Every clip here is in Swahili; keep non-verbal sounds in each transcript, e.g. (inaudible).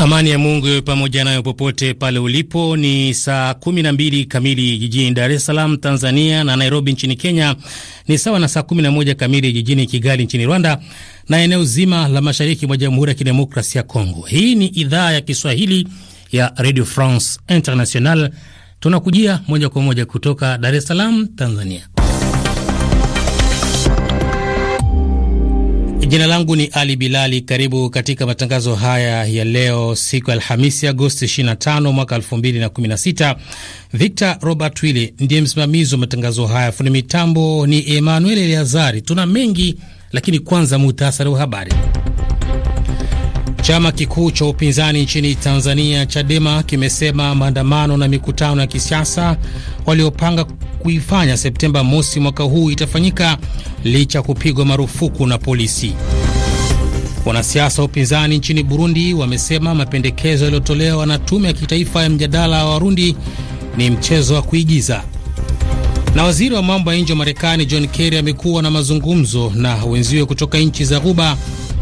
Amani ya Mungu iwe pamoja nayo popote pale ulipo. Ni saa mbili kamili jijini Dar es Salaam, Tanzania, na Nairobi nchini Kenya ni sawa na saa moja kamili jijini Kigali nchini Rwanda na eneo zima la mashariki mwa Jamhuri ya Kidemokrasia ya Kongo. Hii ni idhaa ya Kiswahili ya Radio France International, tunakujia moja kwa moja kutoka Dar es Salaam, Tanzania. Jina langu ni Ali Bilali. Karibu katika matangazo haya ya leo, siku ya Alhamisi, Agosti 25 mwaka 2016. Victor Robert Wille ndiye msimamizi wa matangazo haya. Fundi mitambo ni Emmanuel Eleazari. Tuna mengi, lakini kwanza muhtasari wa habari. Chama kikuu cha upinzani nchini Tanzania Chadema kimesema maandamano na mikutano ya kisiasa waliopanga kuifanya Septemba mosi mwaka huu itafanyika licha ya kupigwa marufuku na polisi. Wanasiasa wa upinzani nchini Burundi wamesema mapendekezo yaliyotolewa na tume ya kitaifa ya mjadala wa Warundi ni mchezo wa kuigiza. Na waziri wa mambo ya nje wa Marekani John Kerry amekuwa na mazungumzo na wenziwe kutoka nchi za Ghuba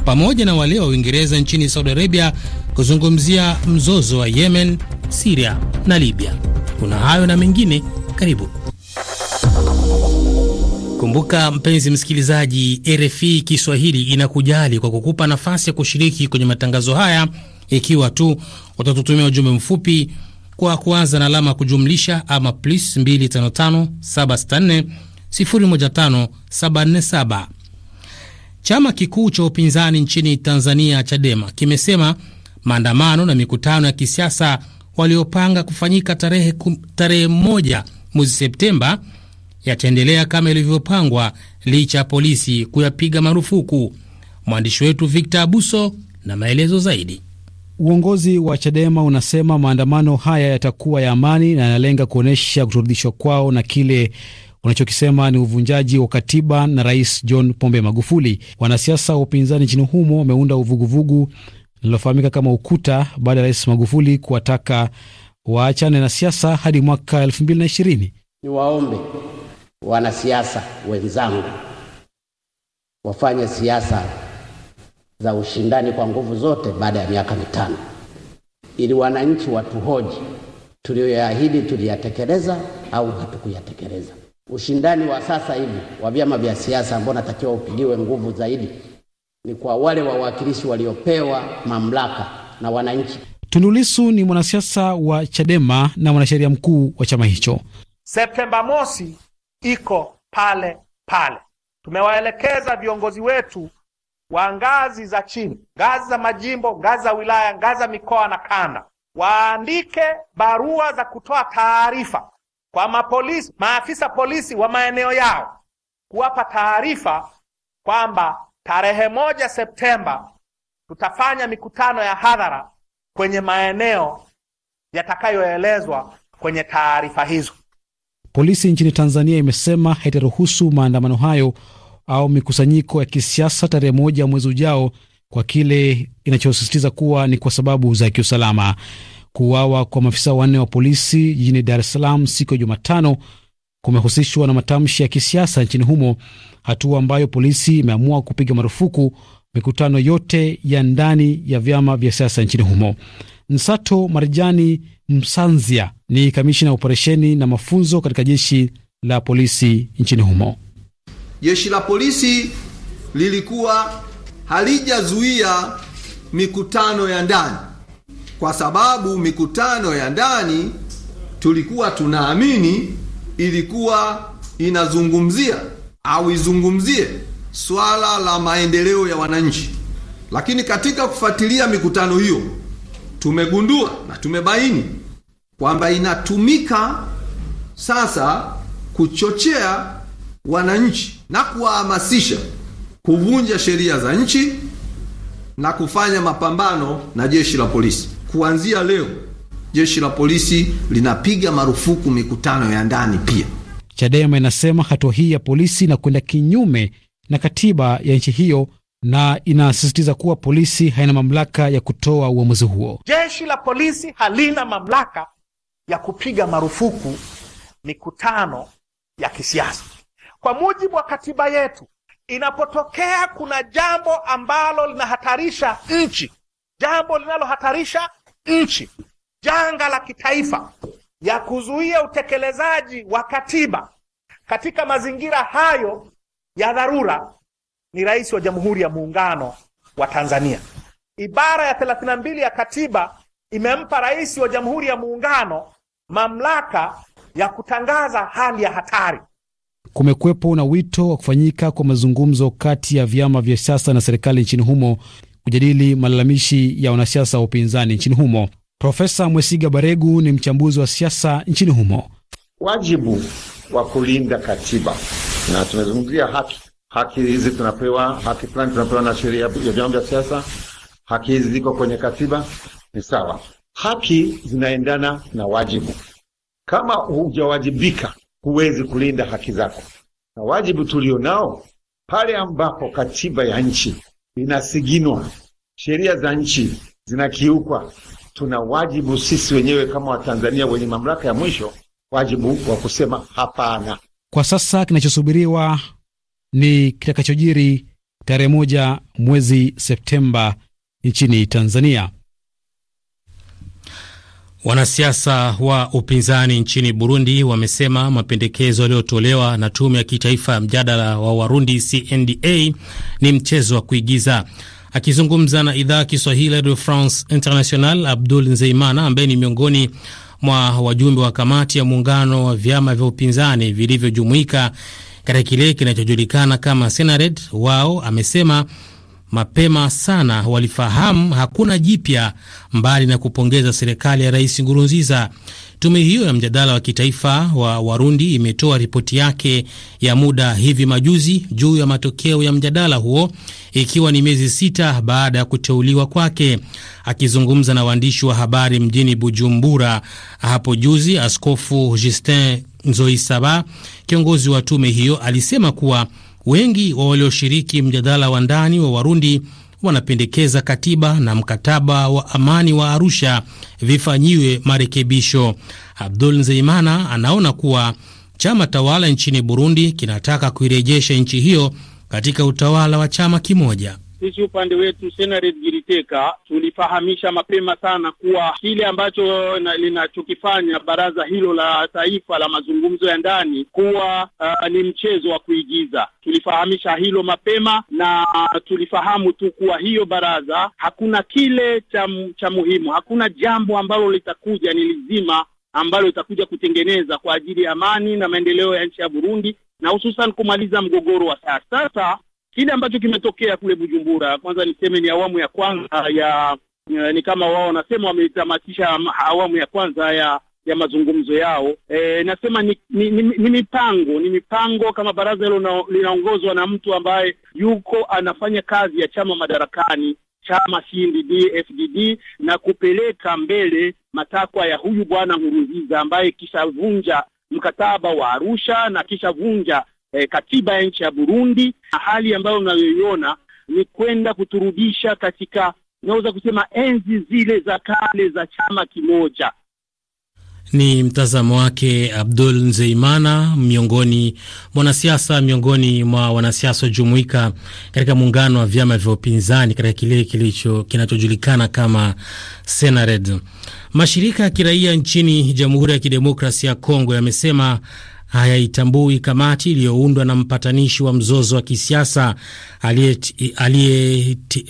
pamoja na wale wa Uingereza nchini Saudi Arabia kuzungumzia mzozo wa Yemen, Siria na Libya. Kuna hayo na mengine, karibu. Kumbuka mpenzi msikilizaji, RFI Kiswahili inakujali kwa kukupa nafasi ya kushiriki kwenye matangazo haya, ikiwa tu utatutumia ujumbe mfupi kwa kuanza na alama kujumlisha ama plus 255 764 015 747 Chama kikuu cha upinzani nchini Tanzania, Chadema, kimesema maandamano na mikutano ya kisiasa waliopanga kufanyika tarehe, tarehe moja mwezi Septemba yataendelea kama ilivyopangwa licha ya polisi kuyapiga marufuku. Mwandishi wetu Victor Abuso na maelezo zaidi. Uongozi wa Chadema unasema maandamano haya yatakuwa ya amani na yanalenga kuonyesha kuturudishwa kwao na kile wanachokisema ni uvunjaji wa katiba na Rais John Pombe Magufuli. Wanasiasa wa upinzani nchini humo wameunda uvuguvugu linalofahamika kama Ukuta baada ya Rais Magufuli kuwataka waachane na siasa hadi mwaka ni Niwaombe wanasiasa wenzangu wafanye siasa za ushindani kwa nguvu zote baada ya miaka mitano, ili wananchi watuhoji, tuliyoyaahidi tuliyatekeleza au hatukuyatekeleza. Ushindani wa sasa hivi wa vyama vya siasa ambao natakiwa upigiwe nguvu zaidi ni kwa wale wawakilishi waliopewa mamlaka na wananchi. Tundu Lissu ni mwanasiasa wa Chadema na mwanasheria mkuu wa chama hicho. Septemba mosi iko pale pale. Tumewaelekeza viongozi wetu wa ngazi za chini, ngazi za majimbo, ngazi za wilaya, ngazi za mikoa na kanda, waandike barua za kutoa taarifa kwa mapolisi, maafisa polisi wa maeneo yao kuwapa taarifa kwamba tarehe moja Septemba tutafanya mikutano ya hadhara kwenye maeneo yatakayoelezwa kwenye taarifa hizo. Polisi nchini Tanzania imesema haitaruhusu maandamano hayo au mikusanyiko ya kisiasa tarehe moja mwezi ujao kwa kile inachosisitiza kuwa ni kwa sababu za kiusalama. Kuuawa kwa maafisa wanne wa polisi jijini Dar es Salaam siku ya Jumatano kumehusishwa na matamshi ya kisiasa nchini humo, hatua ambayo polisi imeamua kupiga marufuku mikutano yote ya ndani ya vyama vya siasa nchini humo. Nsato Marjani Msanzia ni kamishina ya operesheni na mafunzo katika jeshi la polisi nchini humo. Jeshi la polisi lilikuwa halijazuia mikutano ya ndani kwa sababu mikutano ya ndani tulikuwa tunaamini ilikuwa inazungumzia au izungumzie swala la maendeleo ya wananchi, lakini katika kufuatilia mikutano hiyo tumegundua na tumebaini kwamba inatumika sasa kuchochea wananchi na kuwahamasisha kuvunja sheria za nchi na kufanya mapambano na jeshi la polisi kuanzia leo jeshi la polisi linapiga marufuku mikutano ya ndani pia. Chadema inasema hatua hii ya polisi inakwenda kinyume na katiba ya nchi hiyo na inasisitiza kuwa polisi haina mamlaka ya kutoa uamuzi huo. Jeshi la polisi halina mamlaka ya kupiga marufuku mikutano ya kisiasa. Kwa mujibu wa katiba yetu, inapotokea kuna jambo ambalo linahatarisha nchi, jambo linalohatarisha nchi, janga la kitaifa ya kuzuia utekelezaji wa katiba katika mazingira hayo ya dharura ni Rais wa Jamhuri ya Muungano wa Tanzania. Ibara ya 32 ya katiba imempa Rais wa Jamhuri ya Muungano mamlaka ya kutangaza hali ya hatari. Kumekuwepo na wito wa kufanyika kwa mazungumzo kati ya vyama vya siasa na serikali nchini humo kujadili malalamishi ya wanasiasa wa upinzani nchini humo. Profesa Mwesiga Baregu ni mchambuzi wa siasa nchini humo. Wajibu wa kulinda katiba na tumezungumzia haki, haki hizi tunapewa haki fulani, tunapewa na sheria ya vyama vya siasa. Haki hizi ziko kwenye katiba, ni sawa. Haki zinaendana na wajibu. Kama hujawajibika, huwezi kulinda haki zako, na wajibu tulio nao pale ambapo katiba ya nchi inasiginwa, sheria za nchi zinakiukwa. Tuna wajibu sisi wenyewe kama Watanzania wenye mamlaka ya mwisho, wajibu wa kusema hapana. Kwa sasa kinachosubiriwa ni kitakachojiri tarehe moja mwezi Septemba nchini Tanzania. Wanasiasa wa upinzani nchini Burundi wamesema mapendekezo yaliyotolewa na tume ya kitaifa ya mjadala wa Warundi CNDA ni mchezo wa kuigiza. Akizungumza na idhaa Kiswahili Radio France International, Abdul Nzeimana ambaye ni miongoni mwa wajumbe wa kamati ya muungano wa vyama vya upinzani vilivyojumuika katika kile kinachojulikana kama Senared, wao amesema mapema sana walifahamu hakuna jipya mbali na kupongeza serikali ya Rais Ngurunziza. Tume hiyo ya mjadala wa kitaifa wa Warundi imetoa ripoti yake ya muda hivi majuzi juu ya matokeo ya mjadala huo ikiwa ni miezi sita baada ya kuteuliwa kwake. Akizungumza na waandishi wa habari mjini Bujumbura hapo juzi, Askofu Justin Nzoisaba, kiongozi wa tume hiyo, alisema kuwa Wengi wa walioshiriki mjadala wa ndani wa Warundi wanapendekeza katiba na mkataba wa amani wa Arusha vifanyiwe marekebisho. Abdul Nzeimana anaona kuwa chama tawala nchini Burundi kinataka kuirejesha nchi hiyo katika utawala wa chama kimoja. Sisi upande wetu Senarate Giriteka tulifahamisha mapema sana kuwa kile ambacho linachokifanya baraza hilo la taifa la mazungumzo ya ndani kuwa uh, ni mchezo wa kuigiza. Tulifahamisha hilo mapema na uh, tulifahamu tu kuwa hiyo baraza hakuna kile cha, cha muhimu, hakuna jambo ambalo litakuja ni lizima ambalo litakuja kutengeneza kwa ajili ya amani na maendeleo ya nchi ya Burundi na hususan kumaliza mgogoro wa sasa. Sasa Kile ambacho kimetokea kule Bujumbura, kwanza niseme ni awamu ya kwanza ya, eh, ni kama wao wanasema wametamatisha awamu ya kwanza ya ya mazungumzo yao. E, nasema ni, ni, ni, ni mipango ni mipango kama baraza hilo linaongozwa na mtu ambaye yuko anafanya kazi ya chama madarakani chama CNDD FDD na kupeleka mbele matakwa ya huyu bwana Nkurunziza ambaye kishavunja mkataba wa Arusha na kishavunja eh, katiba ya nchi ya Burundi, na hali ambayo unayoiona ni kwenda kuturudisha katika naweza kusema enzi zile za kale za chama kimoja. Ni mtazamo wake Abdul Nzeimana, miongoni mwanasiasa miongoni mwa wanasiasa jumuika katika muungano wa vyama vya upinzani katika kile kilicho kinachojulikana kama Senared. Mashirika ya kiraia nchini Jamhuri ya Kidemokrasia ya Kongo yamesema hayaitambui kamati iliyoundwa na mpatanishi wa mzozo wa kisiasa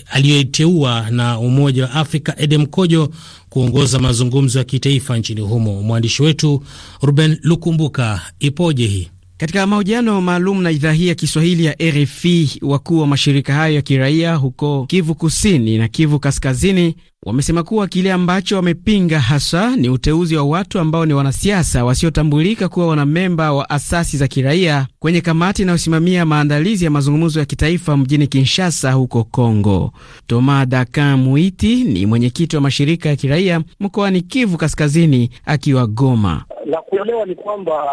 aliyeteua na Umoja wa Afrika Edem Kojo kuongoza mazungumzo ya kitaifa nchini humo. Mwandishi wetu Ruben Lukumbuka ipoje hii katika mahojiano maalum na idhaa hii ya Kiswahili ya RFI, wakuu wa mashirika hayo ya kiraia huko Kivu Kusini na Kivu Kaskazini wamesema kuwa kile ambacho wamepinga hasa ni uteuzi wa watu ambao ni wanasiasa wasiotambulika kuwa wanamemba wa asasi za kiraia kwenye kamati inayosimamia maandalizi ya mazungumzo ya kitaifa mjini Kinshasa huko Kongo. Toma Dakan Muiti ni mwenyekiti wa mashirika ya kiraia mkoani Kivu Kaskazini akiwa Goma la kuelewa ni kwamba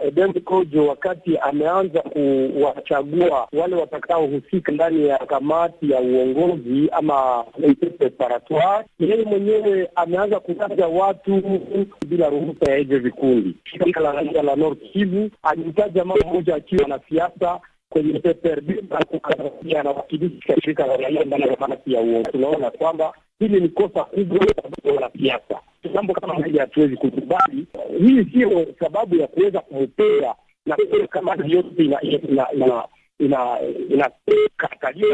uh, Eden Kojo wakati ameanza kuwachagua wale watakaohusika ndani ya kamati ya uongozi ama yeye mwenyewe ameanza kutaja watu bila ruhusa ya hivyo vikundi. Shirika la raia la Nord Kivu alimtaja mama mmoja akiwa na siasa kwenye PPRD na shirika la raia ndani ya kamati ya uongozi. Tunaona kwamba hili ni kosa kubwa la siasa jambo kama hili hatuwezi kukubali. Hii siyo sababu ya kuweza kuupea na kamati yote ina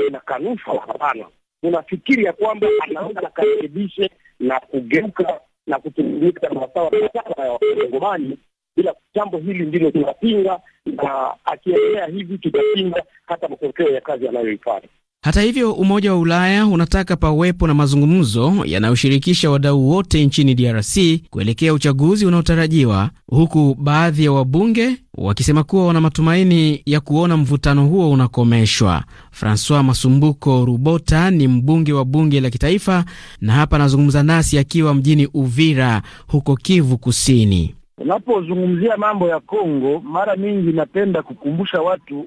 inakanushwa. Hapana, unafikiri ya kwamba anaweza akarekebishe na kugeuka na kutumika masawasawa ya wakongomani bila jambo hili ndilo tunapinga, na akiendelea hivi tutapinga hata matokeo ya kazi anayoifanya. Hata hivyo, Umoja wa Ulaya unataka pawepo na mazungumzo yanayoshirikisha wadau wote nchini DRC kuelekea uchaguzi unaotarajiwa, huku baadhi ya wabunge wakisema kuwa wana matumaini ya kuona mvutano huo unakomeshwa. Francois Masumbuko Rubota ni mbunge wa bunge la kitaifa na hapa anazungumza nasi akiwa mjini Uvira huko Kivu Kusini. Unapozungumzia mambo ya Kongo, mara mingi napenda kukumbusha watu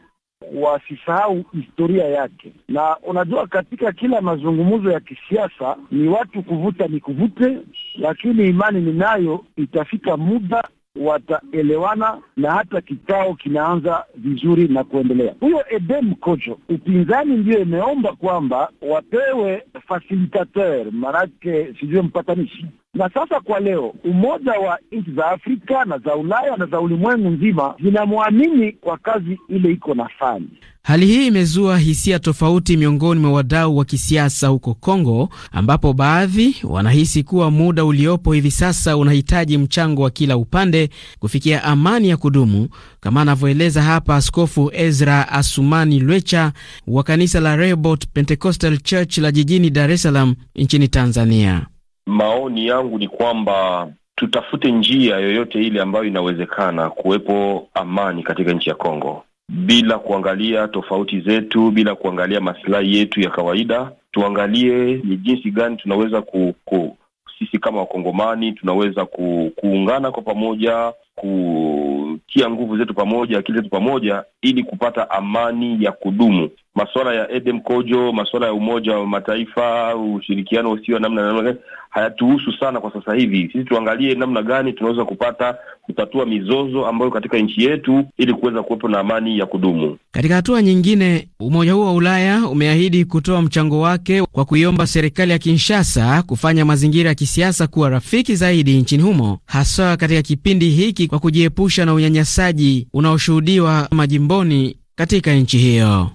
wasisahau historia yake. Na unajua katika kila mazungumzo ya kisiasa ni watu kuvuta ni kuvute, lakini imani ninayo itafika muda wataelewana na hata kikao kinaanza vizuri na kuendelea. Huyo Edem Kojo, upinzani ndiyo imeomba kwamba wapewe facilitateur, maanake sijue mpatanishi na sasa kwa leo, umoja wa nchi za Afrika na za Ulaya na za ulimwengu nzima zinamwamini kwa kazi ile iko na fani. Hali hii imezua hisia tofauti miongoni mwa wadau wa kisiasa huko Kongo, ambapo baadhi wanahisi kuwa muda uliopo hivi sasa unahitaji mchango wa kila upande kufikia amani ya kudumu, kama anavyoeleza hapa Askofu Ezra Asumani Lwecha wa kanisa la Rebot Pentecostal Church la jijini Dar es Salaam nchini Tanzania maoni yangu ni kwamba tutafute njia yoyote ile ambayo inawezekana kuwepo amani katika nchi ya Kongo bila kuangalia tofauti zetu, bila kuangalia masilahi yetu ya kawaida. Tuangalie ni jinsi gani tunaweza ku, ku sisi kama wakongomani tunaweza ku, kuungana kwa pamoja, kutia nguvu zetu pamoja, akili zetu pamoja, ili kupata amani ya kudumu masuala ya Edem Kojo, masuala ya Umoja wa Mataifa, ushirikiano usio namna namna hayatuhusu sana kwa sasa hivi. Sisi tuangalie namna gani tunaweza kupata kutatua mizozo ambayo katika nchi yetu ili kuweza kuwepo na amani ya kudumu. Katika hatua nyingine, umoja huo wa Ulaya umeahidi kutoa mchango wake kwa kuiomba serikali ya Kinshasa kufanya mazingira ya kisiasa kuwa rafiki zaidi nchini humo, haswa katika kipindi hiki, kwa kujiepusha na unyanyasaji unaoshuhudiwa majimboni katika nchi hiyo.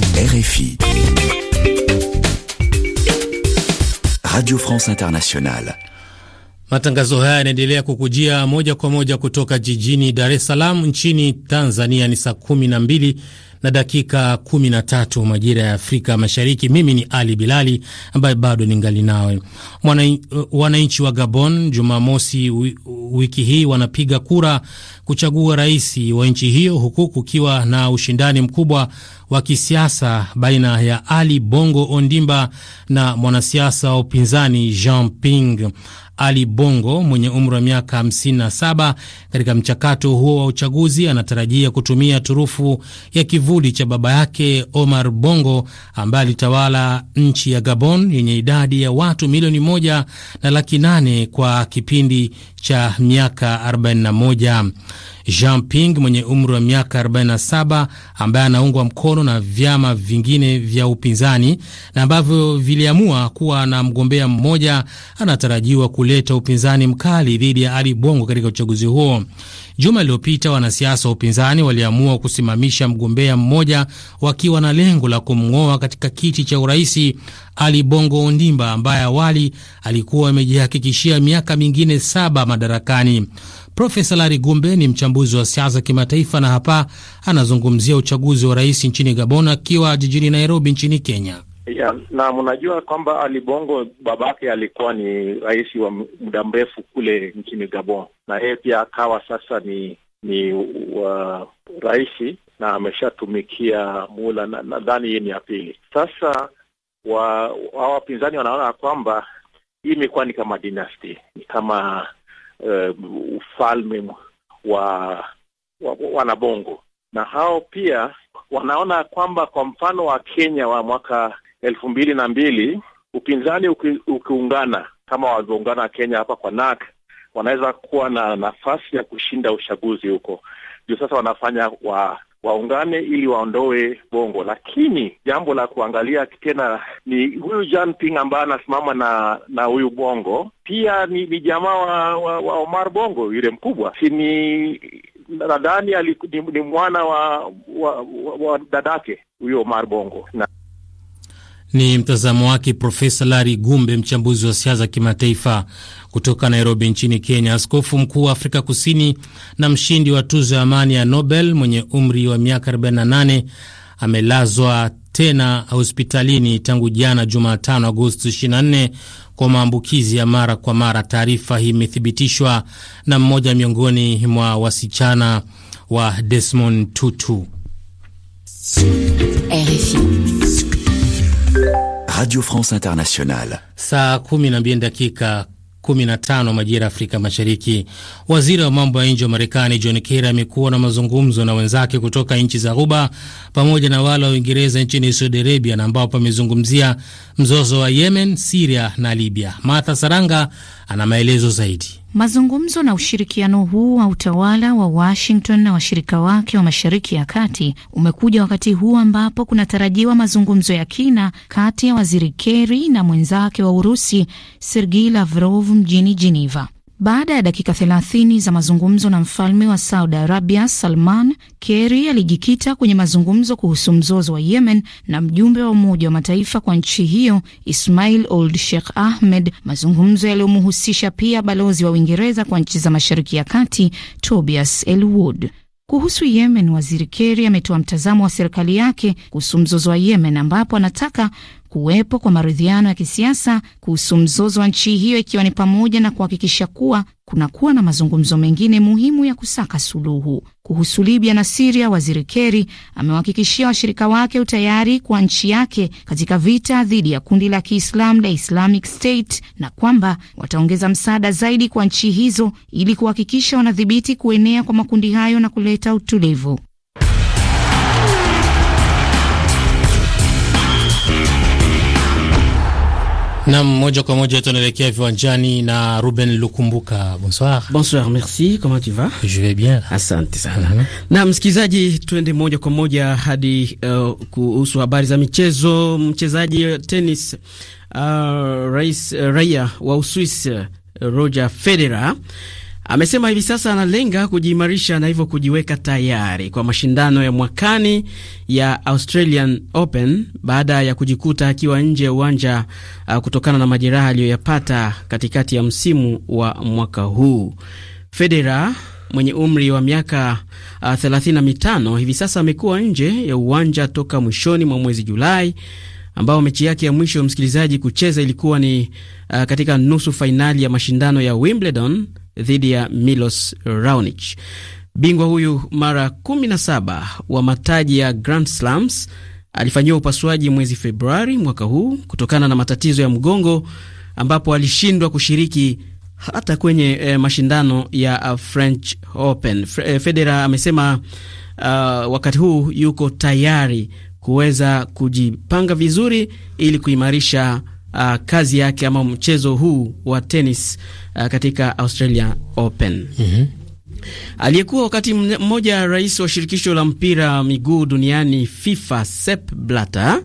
RFI. Radio France Internationale. Matangazo haya yanaendelea kukujia moja kwa moja kutoka jijini Dar es Salaam nchini Tanzania. Ni saa 12 na dakika 13 majira ya Afrika Mashariki. Mimi ni Ali Bilali ambaye bado ningali nawe. Wananchi wa Gabon Jumamosi wiki hii wanapiga kura kuchagua rais wa nchi hiyo, huku kukiwa na ushindani mkubwa wa kisiasa baina ya Ali Bongo Ondimba na mwanasiasa wa upinzani Jean Ping. Ali Bongo mwenye umri wa miaka 57 katika mchakato huo wa uchaguzi anatarajia kutumia turufu ya kivuli cha baba yake Omar Bongo ambaye alitawala nchi ya Gabon yenye idadi ya watu milioni moja na laki nane kwa kipindi cha miaka 41. Jean Ping mwenye umri wa miaka 47 ambaye anaungwa mkono na vyama vingine vya upinzani na ambavyo viliamua kuwa na mgombea mmoja, anatarajiwa kuleta upinzani mkali dhidi ya Ali Bongo katika uchaguzi huo. Juma iliyopita wanasiasa wa upinzani waliamua kusimamisha mgombea mmoja wakiwa na lengo la kumng'oa katika kiti cha uraisi Ali Bongo Ondimba ambaye awali alikuwa amejihakikishia miaka mingine saba madarakani. Profesa Lari Gumbe ni mchambuzi wa siasa kimataifa na hapa anazungumzia uchaguzi wa rais nchini Gabon akiwa jijini Nairobi nchini Kenya. Yeah, na mnajua kwamba Ali Bongo babake alikuwa ni rais wa muda mrefu kule nchini Gabon, na yeye pia akawa sasa ni ni uh, rais na ameshatumikia mula nadhani hii ni ya pili sasa. Wa wapinzani wanaona kwamba hii imekuwa ni kama dynasty, ni kama uh, ufalme wa wanabongo wa na hao pia wanaona kwamba kwa mfano wa Kenya wa mwaka elfu mbili na mbili upinzani uki, ukiungana kama walivyoungana Kenya hapa kwa NAK wanaweza kuwa na nafasi ya kushinda uchaguzi huko. Ndio sasa wanafanya wa waungane ili waondoe Bongo. Lakini jambo la kuangalia tena ni huyu Jean Ping ambaye anasimama na na huyu Bongo pia ni, ni jamaa wa, wa, wa Omar Bongo yule mkubwa, sini nadhani ni, ni mwana wa, wa, wa, wa dadake huyo Omar Bongo na ni mtazamo wake Profesa Larry Gumbe, mchambuzi wa siasa kimataifa kutoka Nairobi nchini Kenya. Askofu mkuu wa Afrika Kusini na mshindi wa tuzo ya amani ya Nobel mwenye umri wa miaka 48 amelazwa tena hospitalini tangu jana Jumatano Agosti 24 kwa maambukizi ya mara kwa mara. Taarifa hii imethibitishwa na mmoja miongoni mwa wasichana wa Desmond Tutu. RFI. Radio France Internationale. Saa 12 dakika 15 majira Afrika Mashariki. Waziri wa mambo ya nje wa Marekani John Kerry amekuwa na mazungumzo na wenzake kutoka nchi za Ghuba pamoja na wale wa Uingereza nchini Saudi Arabia, na ambapo amezungumzia mzozo wa Yemen, Siria na Libya. Martha Saranga ana maelezo zaidi. Mazungumzo na ushirikiano huu wa utawala wa Washington na washirika wake wa Mashariki ya Kati umekuja wakati huu ambapo kunatarajiwa mazungumzo ya kina kati ya Waziri Kerry na mwenzake wa Urusi Sergei Lavrov mjini Geneva. Baada ya dakika 30 za mazungumzo na mfalme wa Saudi Arabia Salman, Kerry alijikita kwenye mazungumzo kuhusu mzozo wa Yemen na mjumbe wa Umoja wa Mataifa kwa nchi hiyo Ismail Old Sheikh Ahmed, mazungumzo yaliyomhusisha pia balozi wa Uingereza kwa nchi za Mashariki ya Kati Tobias Elwood. Kuhusu Yemen, Waziri Kerry ametoa mtazamo wa serikali yake kuhusu mzozo wa Yemen ambapo anataka kuwepo kwa maridhiano ya kisiasa kuhusu mzozo wa nchi hiyo, ikiwa ni pamoja na kuhakikisha kuwa kunakuwa na mazungumzo mengine muhimu ya kusaka suluhu. Kuhusu Libya na Siria, waziri Keri amewahakikishia washirika wake utayari kwa nchi yake katika vita dhidi ya kundi la Kiislamu la Islamic State na kwamba wataongeza msaada zaidi kwa nchi hizo ili kuhakikisha wanadhibiti kuenea kwa makundi hayo na kuleta utulivu. Nam, moja kwa moja tunaelekea viwanjani na Ruben Lukumbuka. Bonsoir. Bonsoir, merci. Comment tu vas? Je vais bien. Asante sana. Mm -hmm. Na msikilizaji, tuende moja kwa moja hadi uh, kuhusu habari za michezo. Mchezaji uh, tennis uh, rais uh, wa Uswisi uh, Roger Federer Amesema hivi sasa analenga kujiimarisha na hivyo kujiweka tayari kwa mashindano ya mwakani ya Australian Open baada ya kujikuta akiwa nje ya uwanja uh, kutokana na majeraha aliyoyapata katikati ya msimu wa mwaka huu. Federer mwenye umri wa miaka uh, 35 hivi sasa amekuwa nje ya uwanja toka mwishoni mwa mwezi Julai ambao mechi yake ya mwisho msikilizaji kucheza ilikuwa ni uh, katika nusu fainali ya mashindano ya Wimbledon dhidi ya Milos Raonic. Bingwa huyu mara 17 wa mataji ya Grand Slams alifanyiwa upasuaji mwezi Februari mwaka huu kutokana na matatizo ya mgongo, ambapo alishindwa kushiriki hata kwenye eh, mashindano ya uh, French Open. Eh, Federer amesema uh, wakati huu yuko tayari kuweza kujipanga vizuri ili kuimarisha uh, kazi yake ama mchezo huu wa tenis uh, katika Australia Open mm -hmm. Aliyekuwa wakati mmoja rais wa shirikisho la mpira miguu duniani FIFA Sepp Blatter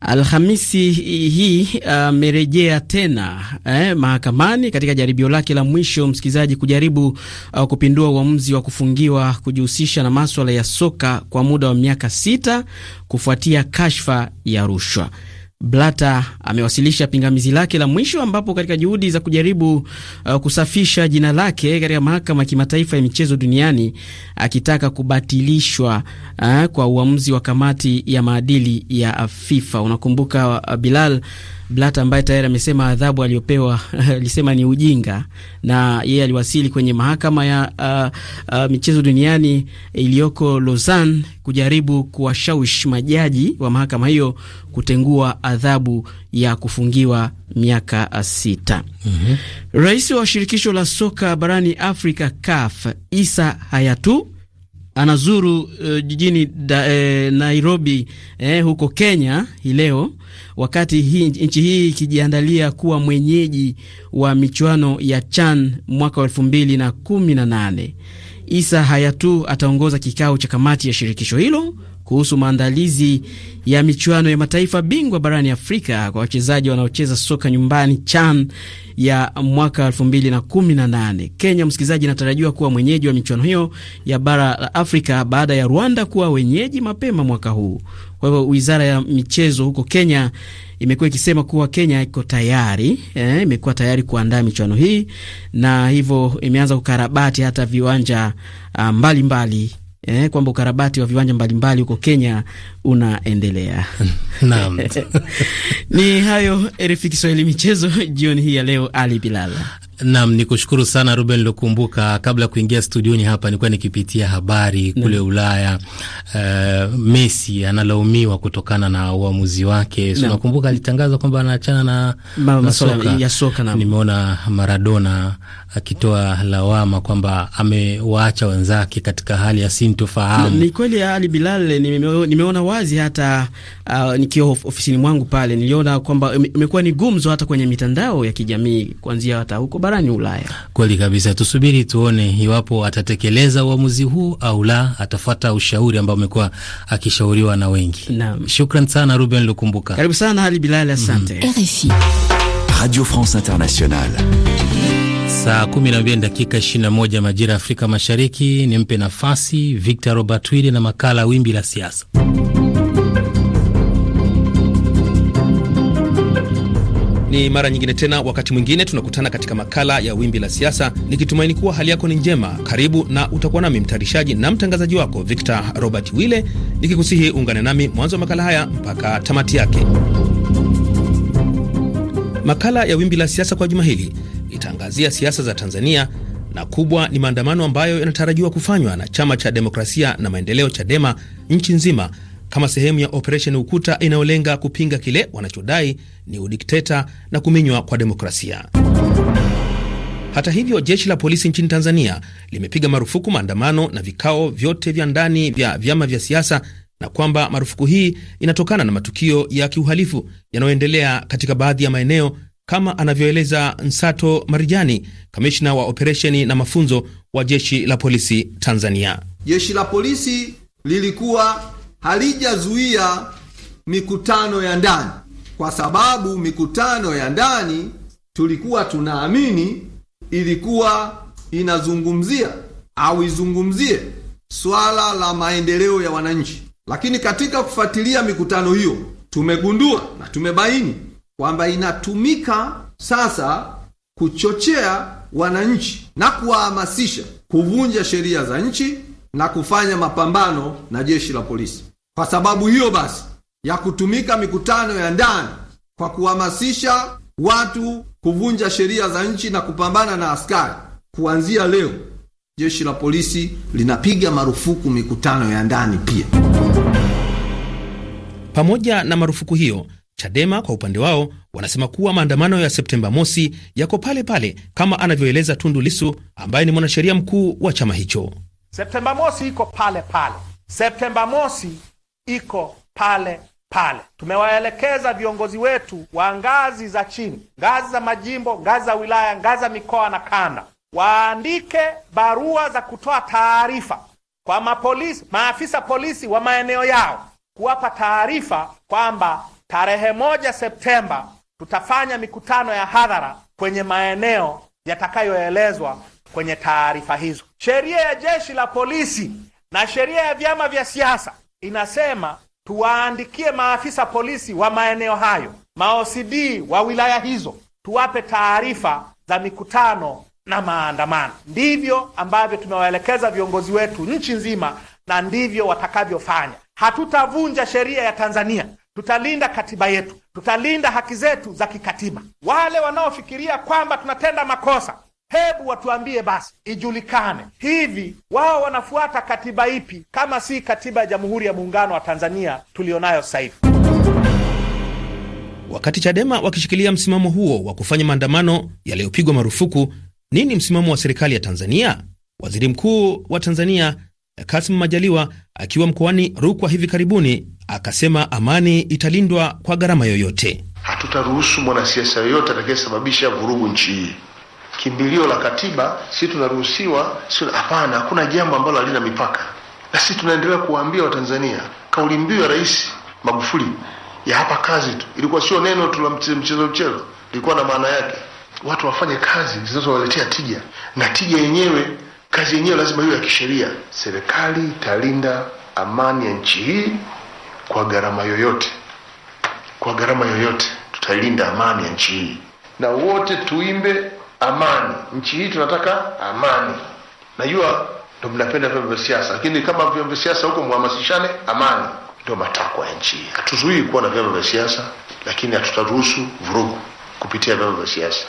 Alhamisi hii uh, amerejea uh, tena eh, mahakamani katika jaribio lake la mwisho, msikilizaji, kujaribu uh, kupindua uamuzi wa kufungiwa kujihusisha na maswala ya soka kwa muda wa miaka sita kufuatia kashfa ya rushwa blata amewasilisha pingamizi lake la mwisho ambapo katika juhudi za kujaribu uh, kusafisha jina lake katika mahakama ya kimataifa ya michezo duniani akitaka kubatilishwa uh, kwa uamuzi wa kamati ya maadili ya FIFA. Unakumbuka uh, Bilal Blatter ambaye tayari amesema adhabu aliyopewa (laughs) alisema ni ujinga, na yeye aliwasili kwenye mahakama ya uh, uh, michezo duniani iliyoko Lausanne kujaribu kuwashawishi majaji wa mahakama hiyo kutengua adhabu ya kufungiwa miaka uh, sita. mm -hmm. Rais wa shirikisho la soka barani Afrika CAF Isa Hayatu anazuru uh, jijini da, eh, Nairobi eh, huko Kenya hii leo wakati hii, nchi hii ikijiandalia kuwa mwenyeji wa michuano ya CHAN mwaka wa elfu mbili na kumi na nane. Isa Hayatu ataongoza kikao cha kamati ya shirikisho hilo kuhusu maandalizi ya michuano ya mataifa bingwa barani Afrika kwa wachezaji wanaocheza soka nyumbani CHAN ya mwaka 2018. Kenya, msikilizaji, inatarajiwa kuwa mwenyeji wa michuano hiyo ya bara la Afrika baada ya Rwanda kuwa wenyeji mapema mwaka huu. Kwa hivyo wizara ya michezo huko Kenya imekuwa ikisema kuwa Kenya iko tayari eh, imekuwa tayari kuandaa michuano hii na hivyo imeanza kukarabati hata viwanja ah, mbalimbali mbali eh, kwamba ukarabati wa viwanja mbalimbali huko Kenya unaendelea. (laughs) Naam. (laughs) Ni hayo RFI Kiswahili michezo jioni hii ya leo. Ali Bilala Nam ni kushukuru sana Ruben Lukumbuka. Kabla ya kuingia studioni hapa, nilikuwa nikipitia habari kule Ulaya. Uh, Messi analaumiwa kutokana na uamuzi wake, unakumbuka alitangaza kwamba anaachana na, na, na soka, soka na. Nimeona Maradona akitoa lawama kwamba amewaacha wenzake katika hali ya sintofahamu. Ni kweli Ali Bilal, nimeona wazi hata uh, nikiwa of, ofisini mwangu pale niliona kwamba imekuwa ni gumzo hata kwenye mitandao ya kijamii kuanzia hata huko barani Ulaya. Kweli kabisa, tusubiri tuone iwapo atatekeleza uamuzi huu au la, atafuata ushauri ambao amekuwa akishauriwa na wengi. shukran sana Ruben Lukumbuka, karibu sana hali Bilali, asante mm -hmm. RFI Radio France Internationale. Saa kumi na mbili dakika ishirini na moja majira ya Afrika Mashariki. Nimpe nafasi Victor Robert Wili na makala Wimbi la Siasa. Ni mara nyingine tena, wakati mwingine tunakutana katika makala ya Wimbi la Siasa, nikitumaini kuwa hali yako ni njema. Karibu na utakuwa nami mtayarishaji na mtangazaji wako Victor Robert Wille, nikikusihi uungane nami mwanzo wa makala haya mpaka tamati yake. Makala ya Wimbi la Siasa kwa juma hili itaangazia siasa za Tanzania na kubwa ni maandamano ambayo yanatarajiwa kufanywa na chama cha demokrasia na maendeleo CHADEMA nchi nzima kama sehemu ya operesheni Ukuta inayolenga kupinga kile wanachodai ni udikteta na kuminywa kwa demokrasia. Hata hivyo, jeshi la polisi nchini Tanzania limepiga marufuku maandamano na vikao vyote vya ndani vya vyama vya siasa na kwamba marufuku hii inatokana na matukio ya kiuhalifu yanayoendelea katika baadhi ya maeneo kama anavyoeleza Nsato Marijani, kamishna wa operesheni na mafunzo wa jeshi la polisi Tanzania. Jeshi la polisi lilikuwa halijazuia mikutano ya ndani, kwa sababu mikutano ya ndani tulikuwa tunaamini ilikuwa inazungumzia au izungumzie swala la maendeleo ya wananchi, lakini katika kufuatilia mikutano hiyo tumegundua na tumebaini kwamba inatumika sasa kuchochea wananchi na kuwahamasisha kuvunja sheria za nchi na kufanya mapambano na jeshi la polisi. Kwa sababu hiyo basi ya kutumika mikutano ya ndani kwa kuhamasisha watu kuvunja sheria za nchi na kupambana na askari, kuanzia leo jeshi la polisi linapiga marufuku mikutano ya ndani pia. Pamoja na marufuku hiyo, Chadema kwa upande wao wanasema kuwa maandamano ya Septemba mosi yako pale pale, kama anavyoeleza Tundu Lisu ambaye ni mwanasheria mkuu wa chama hicho. Septemba mosi iko pale pale. Septemba mosi iko pale pale. Tumewaelekeza viongozi wetu wa ngazi za chini, ngazi za majimbo, ngazi za wilaya, ngazi za mikoa na kanda, waandike barua za kutoa taarifa kwa mapolisi, maafisa polisi wa maeneo yao, kuwapa taarifa kwamba tarehe moja Septemba tutafanya mikutano ya hadhara kwenye maeneo yatakayoelezwa kwenye taarifa hizo. Sheria ya jeshi la polisi na sheria ya vyama vya siasa inasema tuwaandikie maafisa polisi wa maeneo hayo, maOCD wa wilaya hizo, tuwape taarifa za mikutano na maandamano. Ndivyo ambavyo tumewaelekeza viongozi wetu nchi nzima, na ndivyo watakavyofanya. Hatutavunja sheria ya Tanzania, tutalinda katiba yetu, tutalinda haki zetu za kikatiba. Wale wanaofikiria kwamba tunatenda makosa Hebu watuambie basi, ijulikane hivi, wao wanafuata katiba ipi kama si katiba ya Jamhuri ya Muungano wa Tanzania tuliyonayo sasa hivi? Wakati Chadema wakishikilia msimamo huo wa kufanya maandamano yaliyopigwa marufuku, nini msimamo wa serikali ya Tanzania? Waziri Mkuu wa Tanzania Kasim Majaliwa akiwa mkoani Rukwa hivi karibuni akasema amani italindwa kwa gharama yoyote. Hatutaruhusu mwanasiasa yoyote atakayesababisha vurugu nchi hii kimbilio la katiba, si tunaruhusiwa? Hapana, hakuna jambo ambalo halina mipaka, na sisi tunaendelea kuwaambia Watanzania. Kauli mbiu ya Rais Magufuli ya hapa kazi tu ilikuwa sio neno tu la mchezo mchezo, ilikuwa na maana yake. Watu wafanye kazi zinazowaletea tija, na tija yenyewe, kazi yenyewe lazima iwe ya kisheria. Serikali italinda amani ya nchi hii kwa gharama yoyote, kwa gharama yoyote tutailinda amani ya nchi hii, na wote tuimbe amani, nchi hii tunataka amani. Najua ndo mnapenda vyombo vya siasa, lakini kama vyombo vya siasa huko mhamasishane amani, ndio matakwa ya nchi hii. Hatuzuii kuwa na vyombo vya siasa, lakini hatutaruhusu vurugu kupitia vyombo vya siasa,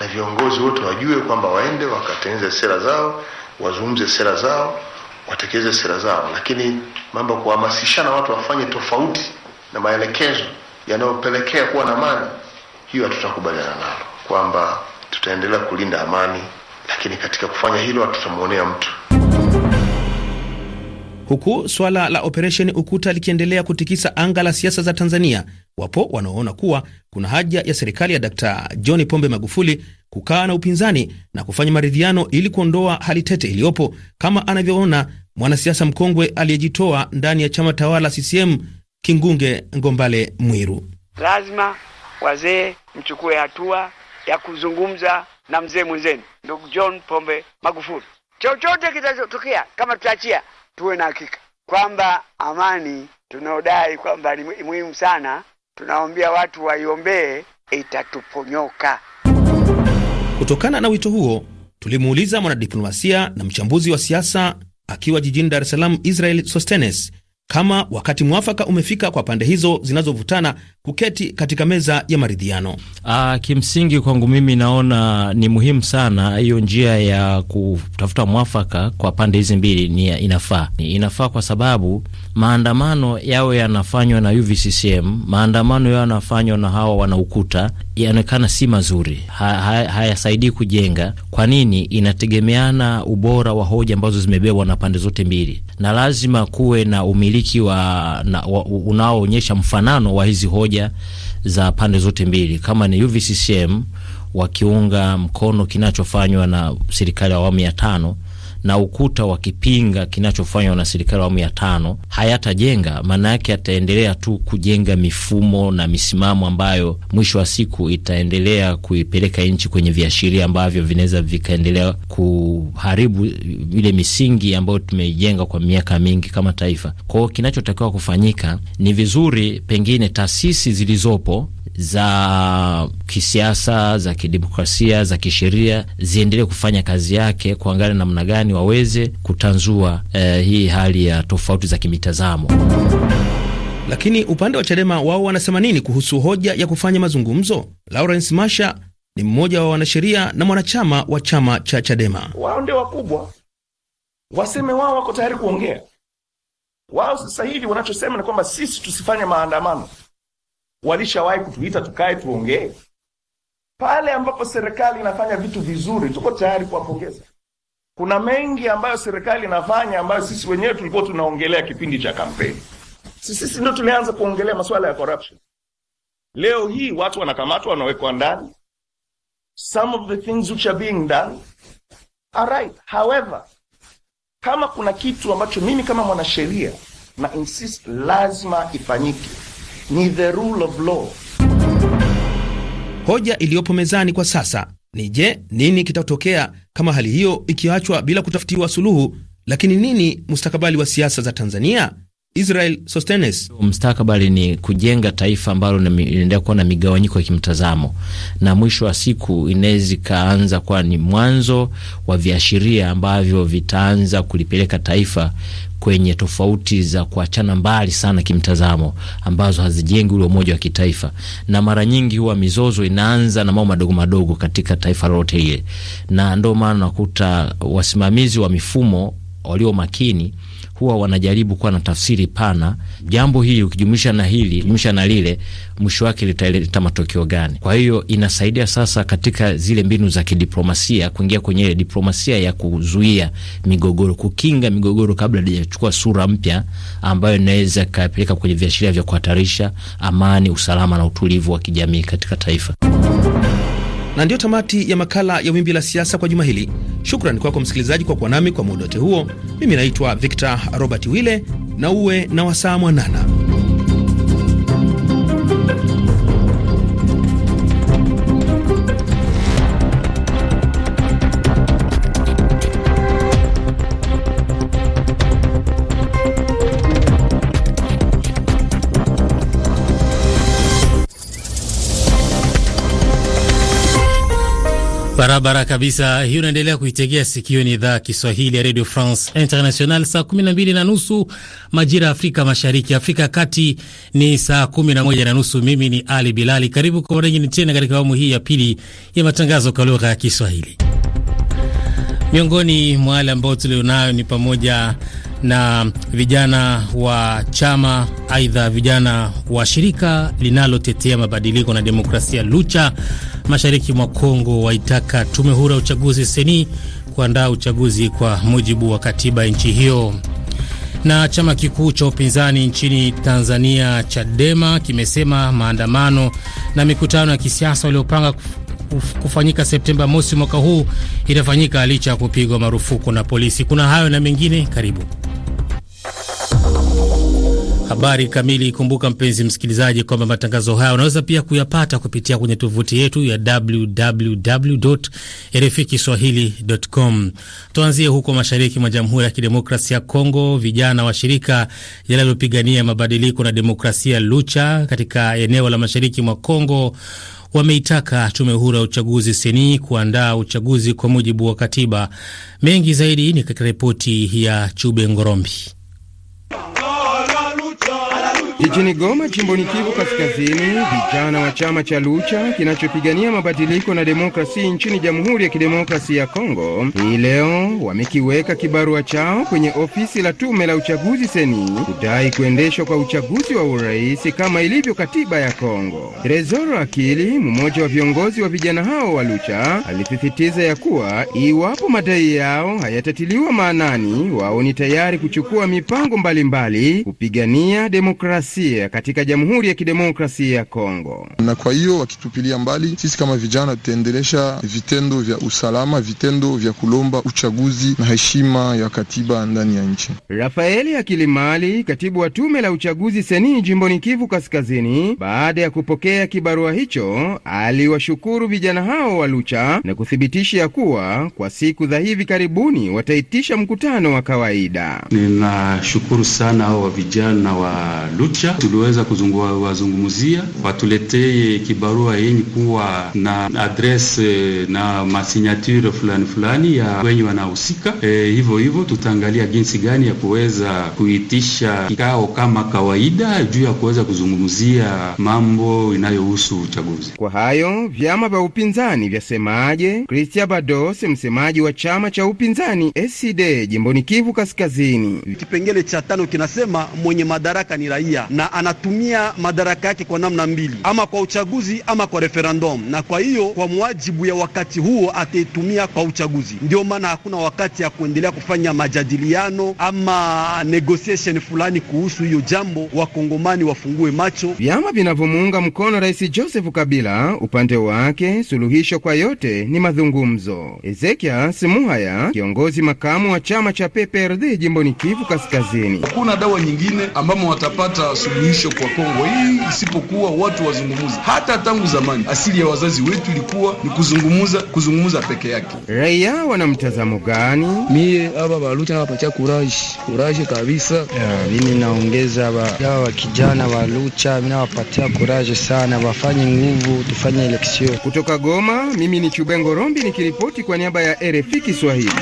na viongozi wote wajue kwamba waende wakatengeneze sera zao, wazungumze sera zao, watekeleze sera zao, lakini mambo ya kuhamasishana watu wafanye tofauti na maelekezo yanayopelekea kuwa na amani, hiyo hatutakubaliana nalo kwamba tutaendelea kulinda amani, lakini katika kufanya hilo hatutamwonea mtu. Huku swala la operesheni Ukuta likiendelea kutikisa anga la siasa za Tanzania, wapo wanaoona kuwa kuna haja ya serikali ya Dkt. John Pombe Magufuli kukaa na upinzani na kufanya maridhiano ili kuondoa hali tete iliyopo, kama anavyoona mwanasiasa mkongwe aliyejitoa ndani ya chama tawala CCM Kingunge Ngombale Mwiru. Lazima wazee mchukue hatua ya kuzungumza na mzee mwenzenu ndugu John Pombe Magufuli. Chochote kitachotokea, kama tutaachia, tuwe na hakika kwamba amani tunaodai kwamba ni muhimu sana, tunawaambia watu waiombee, itatuponyoka. Kutokana na wito huo, tulimuuliza mwanadiplomasia na mchambuzi wa siasa akiwa jijini Dar es Salaam Israel Sostenes kama wakati mwafaka umefika kwa pande hizo zinazovutana kuketi katika meza ya maridhiano. Aa, ah, kimsingi kwangu mimi naona ni muhimu sana hiyo njia ya kutafuta mwafaka kwa pande hizi mbili ni inafaa, inafaa kwa sababu maandamano yawe yanafanywa na UVCCM, maandamano yao yanafanywa na hawa wanaukuta, yaonekana si mazuri, hayasaidii ha, haya kujenga. Kwa nini? Inategemeana ubora wa hoja ambazo zimebebwa na pande zote mbili, na lazima kuwe na umili umiliki unaoonyesha mfanano wa hizi hoja za pande zote mbili, kama ni UVCCM wakiunga mkono kinachofanywa na serikali ya awamu ya tano na ukuta wa kipinga kinachofanywa na serikali awamu ya tano hayatajenga, maana yake yataendelea tu kujenga mifumo na misimamo ambayo mwisho wa siku itaendelea kuipeleka nchi kwenye viashiria ambavyo vinaweza vikaendelea kuharibu ile misingi ambayo tumeijenga kwa miaka mingi kama taifa. Kwa hiyo kinachotakiwa kufanyika ni vizuri, pengine taasisi zilizopo za kisiasa, za kidemokrasia, za kisheria ziendelee kufanya kazi yake, kuangalia namna gani waweze kutanzua eh, hii hali ya tofauti za kimitazamo. Lakini upande wa Chadema wao wanasema nini kuhusu hoja ya kufanya mazungumzo? Lawrence Masha ni mmoja wa wanasheria na mwanachama wa chama cha Chadema. Wao ndio wakubwa, waseme wao wako tayari kuongea. Wao sasa hivi wanachosema ni kwamba sisi tusifanye maandamano. Walishawahi kutuita tukae tuongee? Pale ambapo serikali inafanya vitu vizuri, tuko tayari kuwapongeza. Kuna mengi ambayo serikali inafanya ambayo sisi wenyewe tulikuwa tunaongelea kipindi cha kampeni. Sisi ndio tulianza kuongelea masuala ya corruption. Leo hii watu wanakamatwa, wanawekwa ndani. Some of the things which are being done are right. However, kama kuna kitu ambacho mimi kama mwanasheria na insist lazima ifanyike ni the rule of law. Hoja iliyopo mezani kwa sasa ni je, nini kitatokea kama hali hiyo ikiachwa bila kutafutiwa suluhu? Lakini nini mustakabali wa siasa za Tanzania? Israel Sostenes, mstakabali ni kujenga taifa ambalo linaendelea kuwa na migawanyiko ya kimtazamo, na mwisho wa siku inaweza ikaanza kuwa ni mwanzo wa viashiria ambavyo vitaanza kulipeleka taifa kwenye tofauti za kuachana mbali sana kimtazamo ambazo hazijengi ule umoja wa kitaifa, na mara nyingi huwa mizozo inaanza na mambo madogo madogo katika taifa lolote ile, na ndio maana nakuta wasimamizi wa mifumo walio makini huwa wanajaribu kuwa na tafsiri pana jambo hili, ukijumlisha na hili jumlisha na lile, mwisho wake litaleta matokeo gani? Kwa hiyo inasaidia sasa katika zile mbinu za kidiplomasia kuingia kwenye ile diplomasia ya kuzuia migogoro, kukinga migogoro kabla haijachukua sura mpya ambayo inaweza ikapeleka kwenye viashiria vya kuhatarisha amani, usalama na utulivu wa kijamii katika taifa. Na ndiyo tamati ya makala ya Wimbi la Siasa kwa juma hili. Shukrani kwako msikilizaji kwa kuwa nami kwa muda wote huo. Mimi naitwa Victor Robert wille na uwe na wasaa mwanana. Barabara kabisa hiyo. Unaendelea kuitegea sikio, ni idhaa Kiswahili ya Radio France International. Saa 12 na nusu majira ya Afrika Mashariki, Afrika ya Kati ni saa 11 na nusu. Mimi ni Ali Bilali, karibu kwa mara nyingine tena katika awamu hii ya pili ya matangazo kwa lugha ya Kiswahili. Miongoni mwa wale ambao tulionayo ni pamoja na vijana wa chama aidha vijana wa shirika linalotetea mabadiliko na demokrasia Lucha mashariki mwa Kongo waitaka tume huru ya uchaguzi seni kuandaa uchaguzi kwa mujibu wa katiba ya nchi hiyo. Na chama kikuu cha upinzani nchini Tanzania Chadema kimesema maandamano na mikutano ya kisiasa waliopanga kufanyika Septemba mosi mwaka huu itafanyika licha ya kupigwa marufuku na polisi. Kuna hayo na mengine, karibu Habari kamili. Kumbuka mpenzi msikilizaji, kwamba matangazo haya unaweza pia kuyapata kupitia kwenye tovuti yetu ya www RFI Kiswahili.com. Tuanzie huko mashariki mwa Jamhuri ya Kidemokrasia ya Kongo. Vijana wa shirika linalopigania mabadiliko na demokrasia Lucha katika eneo la mashariki mwa Kongo wameitaka tume huru ya uchaguzi seni kuandaa uchaguzi kwa mujibu wa katiba. Mengi zaidi ni katika ripoti ya Chube Ngorombi. Bye. Jijini Goma, jimboni Kivu Kaskazini, vijana wa chama cha Lucha kinachopigania mabadiliko na demokrasi nchini Jamhuri ya Kidemokrasi ya Kongo hii leo wamekiweka kibarua chao kwenye ofisi la tume la uchaguzi seni kudai kuendeshwa kwa uchaguzi wa urais kama ilivyo katiba ya Kongo. tresor Akili, mmoja wa viongozi wa vijana hao wa Lucha, alisisitiza ya kuwa iwapo madai yao hayatatiliwa maanani, wao ni tayari kuchukua mipango mbalimbali kupigania demokrasi demokrasia katika Jamhuri ya Kidemokrasia ya Kongo. Na kwa hiyo wakitupilia mbali, sisi kama vijana tutaendelesha vitendo vya usalama, vitendo vya kulomba uchaguzi na heshima ya katiba ndani ya nchi. Rafaeli Akilimali, katibu wa tume la uchaguzi seni jimboni Kivu Kaskazini, baada ya kupokea kibarua hicho, aliwashukuru vijana hao wa Lucha na kuthibitisha ya kuwa kwa siku za hivi karibuni wataitisha mkutano wa kawaida. Ninashukuru sana hao wa vijana wa Lucha kutosha, tuliweza kuwazungumzia watuletee kibarua yenye kuwa na adrese eh, na masignature fulani fulani ya wenye wanahusika. E, hivyo hivyo tutaangalia jinsi gani ya kuweza kuitisha kikao kama kawaida juu ya kuweza kuzungumzia mambo inayohusu uchaguzi. Kwa hayo vyama vya upinzani vyasemaje? Christian badose msemaji wa chama cha upinzani SCD jimboni Kivu Kaskazini. Kipengele cha tano kinasema mwenye madaraka ni raia na anatumia madaraka yake kwa namna mbili, ama kwa uchaguzi ama kwa referendum, na kwa hiyo kwa mwajibu ya wakati huo ataitumia kwa uchaguzi. Ndio maana hakuna wakati ya kuendelea kufanya majadiliano ama negotiation fulani kuhusu hiyo jambo. Wakongomani wafungue macho. Vyama vinavyomuunga mkono Rais Joseph Kabila upande wake, suluhisho kwa yote ni mazungumzo. Ezekia Simuhaya, kiongozi makamu wa chama cha PPRD jimboni Kivu Kaskazini: hakuna dawa nyingine ambamo watapata kutoa suluhisho kwa Kongo hii isipokuwa watu wazungumuze. Hata tangu zamani asili ya wazazi wetu ilikuwa ni kuzungumuza, kuzungumuza peke yake. Raia wana mtazamo gani? Mie hapa balucha nawapatia kuraji, kuraji kabisa. Yeah, mimi naongeza awa wa kijana balucha, mimi nawapatia kuraji sana, wafanye nguvu, tufanye eleksio. Kutoka Goma, mimi ni Chubengo Rombi nikiripoti kwa niaba ya RFI Kiswahili.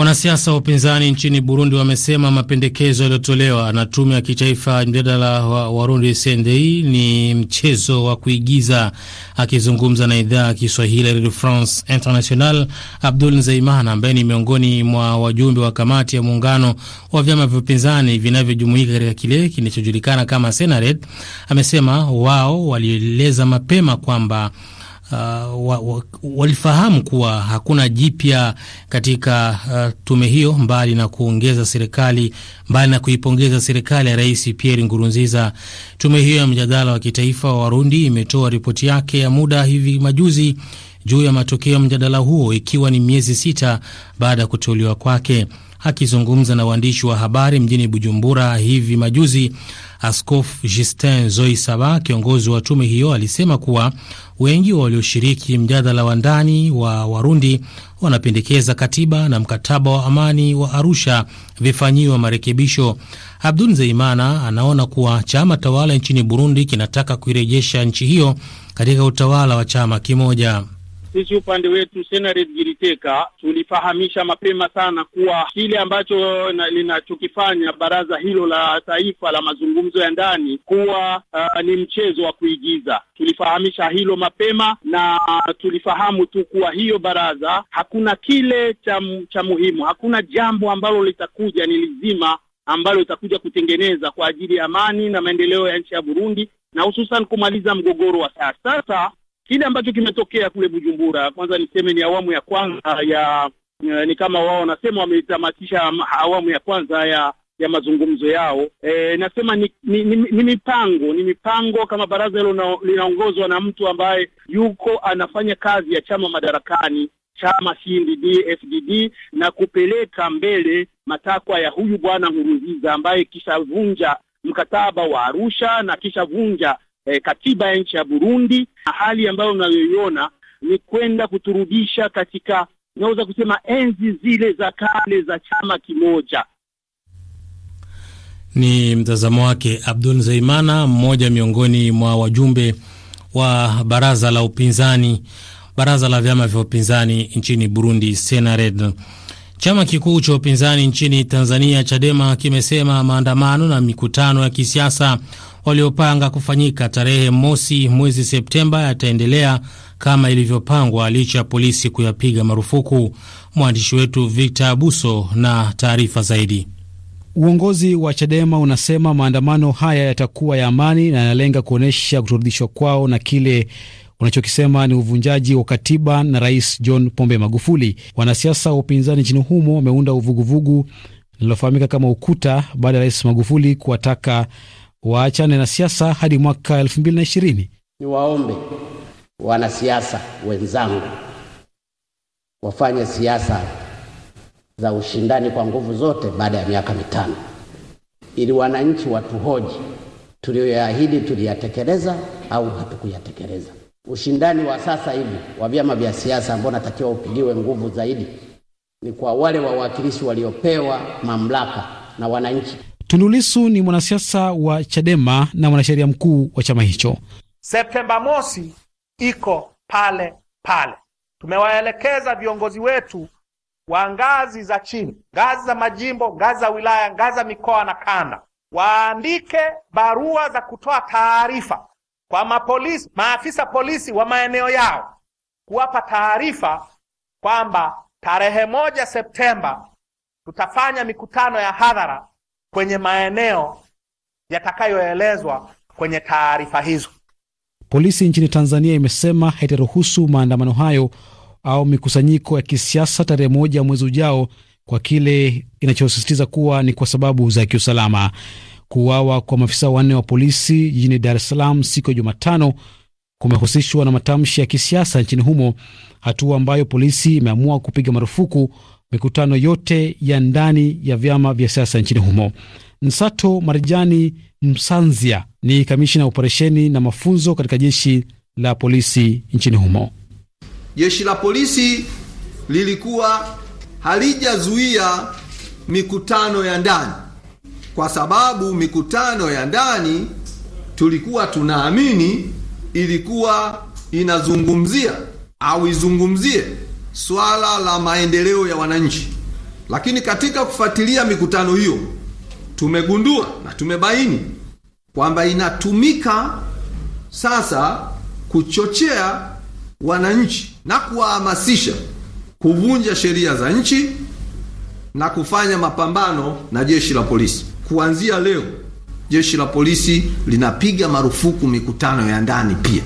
Wanasiasa wa upinzani nchini Burundi wamesema mapendekezo yaliyotolewa na tume ya kitaifa mjadala wa Warundi CNDI ni mchezo wa kuigiza. Akizungumza na idhaa ya Kiswahili ya Radio France International, Abdul Nzeimana ambaye ni miongoni mwa wajumbe wa kamati ya muungano wa vyama vya upinzani vinavyojumuika katika kile kinachojulikana kama Senared amesema wao walieleza mapema kwamba uh, wa, wa, walifahamu kuwa hakuna jipya katika uh, tume hiyo, mbali na kuongeza serikali mbali na kuipongeza serikali ya Rais Pierre ngurunziza Tume hiyo ya mjadala wa kitaifa wa Warundi imetoa ripoti yake ya muda hivi majuzi juu ya matokeo ya mjadala huo, ikiwa ni miezi sita baada ya kuteuliwa kwake. Akizungumza na waandishi wa habari mjini Bujumbura hivi majuzi, Askofu Justin Zoisaba, kiongozi wa tume hiyo, alisema kuwa wengi walioshiriki mjadala wa ndani wa Warundi wanapendekeza katiba na mkataba wa amani wa Arusha vifanyiwe marekebisho. Abdul Zeimana anaona kuwa chama tawala nchini Burundi kinataka kuirejesha nchi hiyo katika utawala wa chama kimoja. Sisi upande wetu Senared Giriteka tulifahamisha mapema sana kuwa kile ambacho linachokifanya baraza hilo la taifa la mazungumzo ya ndani kuwa uh, ni mchezo wa kuigiza. Tulifahamisha hilo mapema na tulifahamu tu kuwa hiyo baraza hakuna kile cha, cha muhimu, hakuna jambo ambalo litakuja ni lizima ambalo itakuja kutengeneza kwa ajili ya amani na maendeleo ya nchi ya Burundi na hususan kumaliza mgogoro wa sasa. Sasa Kile ambacho kimetokea kule Bujumbura, kwanza niseme ni awamu ya kwanza ya, eh, ni kama wao wanasema wametamatisha awamu ya kwanza ya ya mazungumzo yao. E, nasema ni, ni, ni, ni mipango ni mipango kama baraza hilo linaongozwa na mtu ambaye yuko anafanya kazi ya chama madarakani chama CNDD FDD na kupeleka mbele matakwa ya huyu bwana Nkurunziza ambaye kishavunja mkataba wa Arusha na kishavunja eh, katiba ya nchi ya Burundi, na hali ambayo mnayoiona ni kwenda kuturudisha katika, naweza kusema enzi zile za kale za chama kimoja. Ni mtazamo wake Abdul Zaimana, mmoja miongoni mwa wajumbe wa baraza la upinzani, baraza la vyama vya upinzani nchini Burundi, Senared. Chama kikuu cha upinzani nchini Tanzania, Chadema, kimesema maandamano na mikutano ya kisiasa waliopanga kufanyika tarehe mosi mwezi Septemba yataendelea kama ilivyopangwa licha ya polisi kuyapiga marufuku. Mwandishi wetu Victor Abuso na taarifa zaidi. Uongozi wa Chadema unasema maandamano haya yatakuwa ya amani na yanalenga kuonyesha kutoridhishwa kwao na kile unachokisema ni uvunjaji wa katiba na Rais John Pombe Magufuli. Wanasiasa wa upinzani nchini humo wameunda uvuguvugu linalofahamika kama Ukuta baada ya Rais Magufuli kuwataka waachane na siasa hadi mwaka 2020. Niwaombe wanasiasa wenzangu wafanye siasa za ushindani kwa nguvu zote baada ya miaka mitano, ili wananchi watuhoji tuliyoyaahidi tuliyatekeleza au hatukuyatekeleza. Ushindani wa sasa hivi wa vyama vya siasa ambao natakiwa upigiwe nguvu zaidi ni kwa wale wawakilishi waliopewa mamlaka na wananchi tundulisu ni mwanasiasa wa Chadema na mwanasheria mkuu wa chama hicho. Septemba mosi iko pale pale. Tumewaelekeza viongozi wetu wa ngazi za chini, ngazi za majimbo, ngazi za wilaya, ngazi za mikoa na kanda, waandike barua za kutoa taarifa kwa mapolisi, maafisa polisi wa maeneo yao, kuwapa taarifa kwamba tarehe moja Septemba tutafanya mikutano ya hadhara kwenye maeneo yatakayoelezwa kwenye taarifa hizo. Polisi nchini Tanzania imesema haitaruhusu maandamano hayo au mikusanyiko ya kisiasa tarehe moja mwezi ujao kwa kile inachosisitiza kuwa ni kwa sababu za kiusalama. Kuuawa kwa maafisa wanne wa polisi jijini Dar es Salaam siku ya Jumatano kumehusishwa na matamshi ya kisiasa nchini humo, hatua ambayo polisi imeamua kupiga marufuku mikutano yote ya ndani ya vyama vya siasa nchini humo. Nsato Marijani Msanzia ni kamishina operesheni na mafunzo katika jeshi la polisi nchini humo. Jeshi la polisi lilikuwa halijazuia mikutano ya ndani, kwa sababu mikutano ya ndani tulikuwa tunaamini ilikuwa inazungumzia au izungumzie swala la maendeleo ya wananchi. Lakini katika kufuatilia mikutano hiyo tumegundua na tumebaini kwamba inatumika sasa kuchochea wananchi na kuwahamasisha kuvunja sheria za nchi na kufanya mapambano na jeshi la polisi. Kuanzia leo jeshi la polisi linapiga marufuku mikutano ya ndani pia.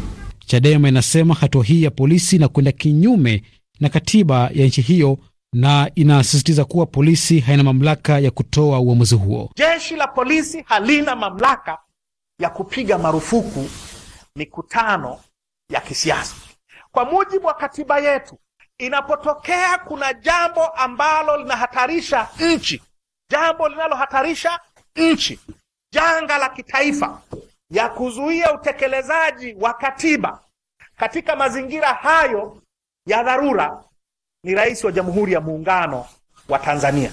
Chadema inasema hatua hii ya polisi inakwenda kinyume na katiba ya nchi hiyo na inasisitiza kuwa polisi haina mamlaka ya kutoa uamuzi huo. Jeshi la polisi halina mamlaka ya kupiga marufuku mikutano ya kisiasa. Kwa mujibu wa katiba yetu, inapotokea kuna jambo ambalo linahatarisha nchi, jambo linalohatarisha nchi, janga la kitaifa, ya kuzuia utekelezaji wa katiba, katika mazingira hayo ya dharura ni Rais wa Jamhuri ya Muungano wa Tanzania.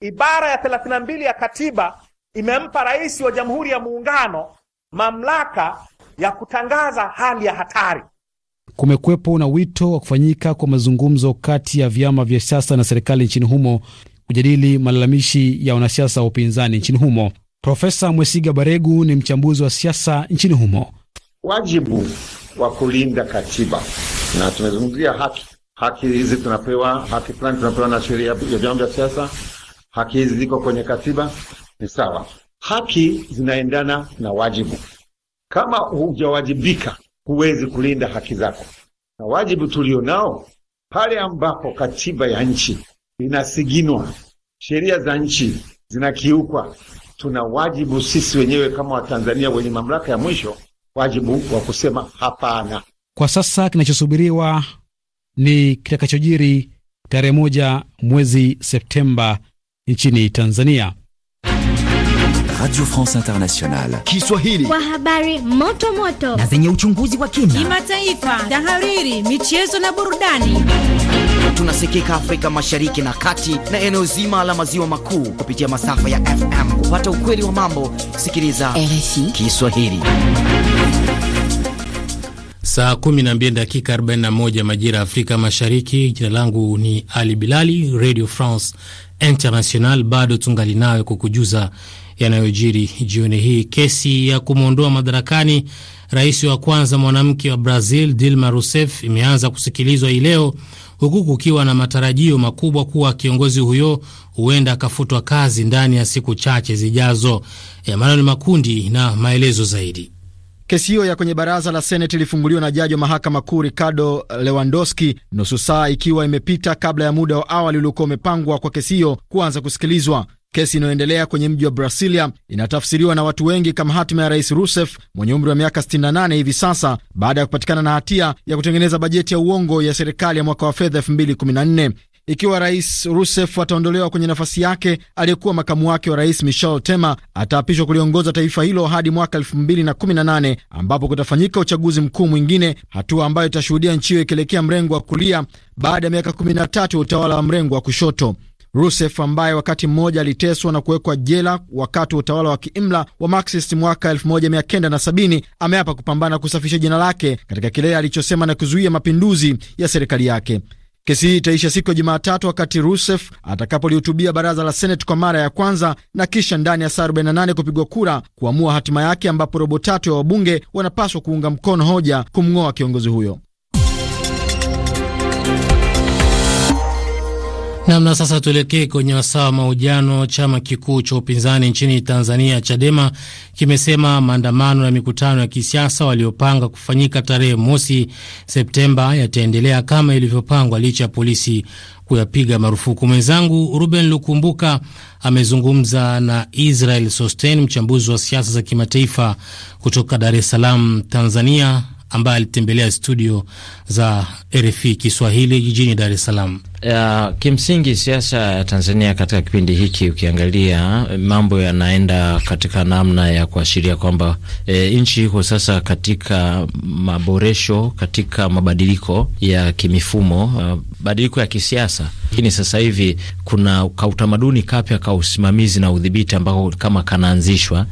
Ibara ya 32 mbili ya katiba imempa Rais wa Jamhuri ya Muungano mamlaka ya kutangaza hali ya hatari. Kumekwepo na wito wa kufanyika kwa mazungumzo kati ya vyama vya siasa na serikali nchini humo kujadili malalamishi ya wanasiasa wa upinzani nchini humo. Profesa Mwesiga Baregu ni mchambuzi wa siasa nchini humo. Wajibu wa kulinda katiba, na tumezungumzia haki. Haki hizi tunapewa haki fulani, tunapewa na sheria ya vyama vya siasa. Haki hizi ziko kwenye katiba, ni sawa. Haki zinaendana na wajibu. Kama hujawajibika, huwezi kulinda haki zako, na wajibu tulio nao pale ambapo katiba ya nchi inasiginwa, sheria za nchi zinakiukwa, tuna wajibu sisi wenyewe kama Watanzania wenye mamlaka ya mwisho wajibu wa kusema hapana. Kwa sasa kinachosubiriwa ni kitakachojiri tarehe moja mwezi Septemba nchini Tanzania. Radio France Internationale Kiswahili, kwa habari moto moto na zenye uchunguzi wa kina, kimataifa, tahariri, michezo na burudani. Tunasikika Afrika Mashariki na Kati na eneo zima la maziwa makuu kupitia masafa ya FM. Kupata ukweli wa mambo, sikiliza RFI e. Kiswahili. Saa 12 dakika 41 majira ya Afrika Mashariki. Jina langu ni Ali Bilali, Radio France International. Bado tungali nawe kukujuza yanayojiri jioni hii. Kesi ya kumwondoa madarakani rais wa kwanza mwanamke wa Brazil Dilma Rousseff imeanza kusikilizwa hii leo, huku kukiwa na matarajio makubwa kuwa kiongozi huyo huenda akafutwa kazi ndani ya siku chache zijazo. Emmanuel Makundi na maelezo zaidi. Kesi hiyo ya kwenye baraza la Seneti ilifunguliwa na jaji wa mahakama kuu Ricardo Lewandowski nusu saa ikiwa imepita kabla ya muda wa awali uliokuwa umepangwa kwa kesi hiyo kuanza kusikilizwa. Kesi inayoendelea kwenye mji wa Brasilia inatafsiriwa na watu wengi kama hatima ya rais Rousseff mwenye umri wa miaka 68 hivi sasa baada ya kupatikana na hatia ya kutengeneza bajeti ya uongo ya serikali ya mwaka wa fedha 214 ikiwa Rais Rusef ataondolewa kwenye nafasi yake, aliyekuwa makamu wake wa rais Michel Temer ataapishwa kuliongoza taifa hilo hadi mwaka 2018 ambapo kutafanyika uchaguzi mkuu mwingine, hatua ambayo itashuhudia nchi hiyo ikielekea mrengo wa kulia baada ya miaka 13 ya utawala wa mrengo wa kushoto. Rusef ambaye wakati mmoja aliteswa na kuwekwa jela wakati wa utawala wa kiimla wa Marxist mwaka 1970 ameapa kupambana kusafisha jina lake katika kile alichosema na kuzuia mapinduzi ya serikali yake. Kesi hii itaisha siku ya Jumatatu wakati Rusef atakapolihutubia baraza la Seneti kwa mara ya kwanza na kisha ndani ya saa 48 kupigwa kura kuamua hatima yake, ambapo robo tatu ya wabunge wanapaswa kuunga mkono hoja kumng'oa kiongozi huyo. Namna sasa, tuelekee kwenye wasaa wa mahojiano. Chama kikuu cha upinzani nchini Tanzania, Chadema, kimesema maandamano na mikutano ya kisiasa waliopanga kufanyika tarehe mosi Septemba yataendelea kama ilivyopangwa licha ya polisi kuyapiga marufuku. Mwenzangu Ruben Lukumbuka amezungumza na Israel Sosten, mchambuzi wa siasa za kimataifa kutoka Dar es Salaam, Tanzania, ambaye alitembelea studio za RFI Kiswahili jijini Dar es Salaam. Uh, kimsingi siasa ya Tanzania katika kipindi hiki ukiangalia eh, mambo yanaenda katika namna ya kuashiria kwamba e, nchi iko sasa katika maboresho, katika mabadiliko ya kimifumo, uh, badiliko ya kisiasa. Lakini sasa hivi kuna kautamaduni kapya ka usimamizi na udhibiti ambao kama kanaanzishwa,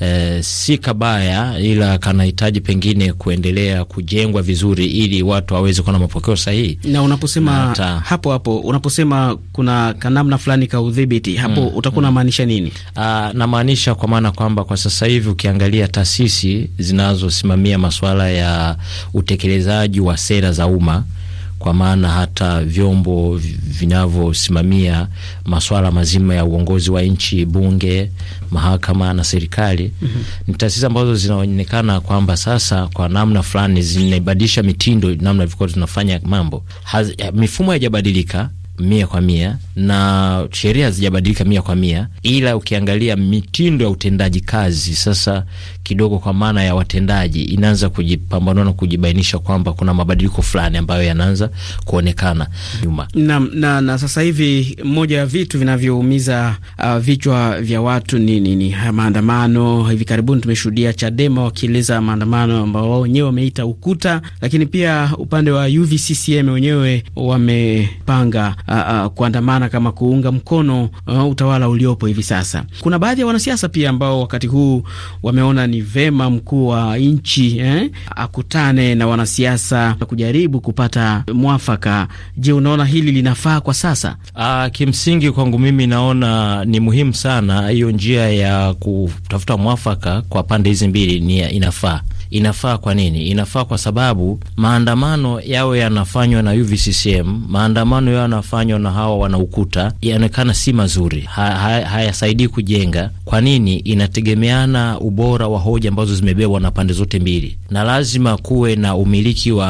e, si kabaya, ila kanahitaji pengine kuendelea kujengwa vizuri ili watu waweze kuwa na mapokeo sahihi. Na unaposema hapo hapo hapo unaposema kuna kanamna fulani ka udhibiti hapo mm, utakuwa mm. unamaanisha mm, nini? na ah, namaanisha kwa maana kwamba kwa sasa hivi ukiangalia taasisi zinazosimamia masuala ya utekelezaji wa sera za umma kwa maana hata vyombo vinavyosimamia masuala mazima ya uongozi wa nchi, bunge, mahakama na serikali mm -hmm. ni taasisi ambazo zinaonekana kwamba sasa kwa namna fulani zinaibadilisha mitindo, namna vilikuwa tunafanya mambo. Haz, mifumo haijabadilika mia kwa mia na sheria hazijabadilika mia kwa mia, ila ukiangalia mitindo ya utendaji kazi sasa kidogo, kwa maana ya watendaji, inaanza kujipambanua na kujibainisha kwamba kuna mabadiliko fulani ambayo yanaanza kuonekana nyuma na, na, na sasa hivi moja ya vitu vinavyoumiza uh, vichwa vya watu ni, ni, ni maandamano. Hivi karibuni tumeshuhudia Chadema wakieleza maandamano ambao wao wenyewe wameita ukuta, lakini pia upande wa UVCCM wenyewe wamepanga uh, uh, kuandamana kama kuunga mkono uh, utawala uliopo hivi sasa. Kuna baadhi ya wanasiasa pia ambao wakati huu wameona ni ni vema mkuu wa nchi eh, akutane na wanasiasa kujaribu kupata mwafaka. Je, unaona hili linafaa kwa sasa? Aa, ah, kimsingi kwangu mimi naona ni muhimu sana hiyo njia ya kutafuta mwafaka kwa pande hizi mbili ni inafaa. Inafaa kwa nini? Inafaa kwa sababu maandamano yawe yanafanywa na UVCCM, maandamano yao yanafanywa na hawa wanaukuta, yaonekana si mazuri, hayasaidii ha, haya kujenga. Kwa nini? Inategemeana ubora wa hoja ambazo zimebebwa na pande zote mbili, na lazima kuwe na umiliki wa,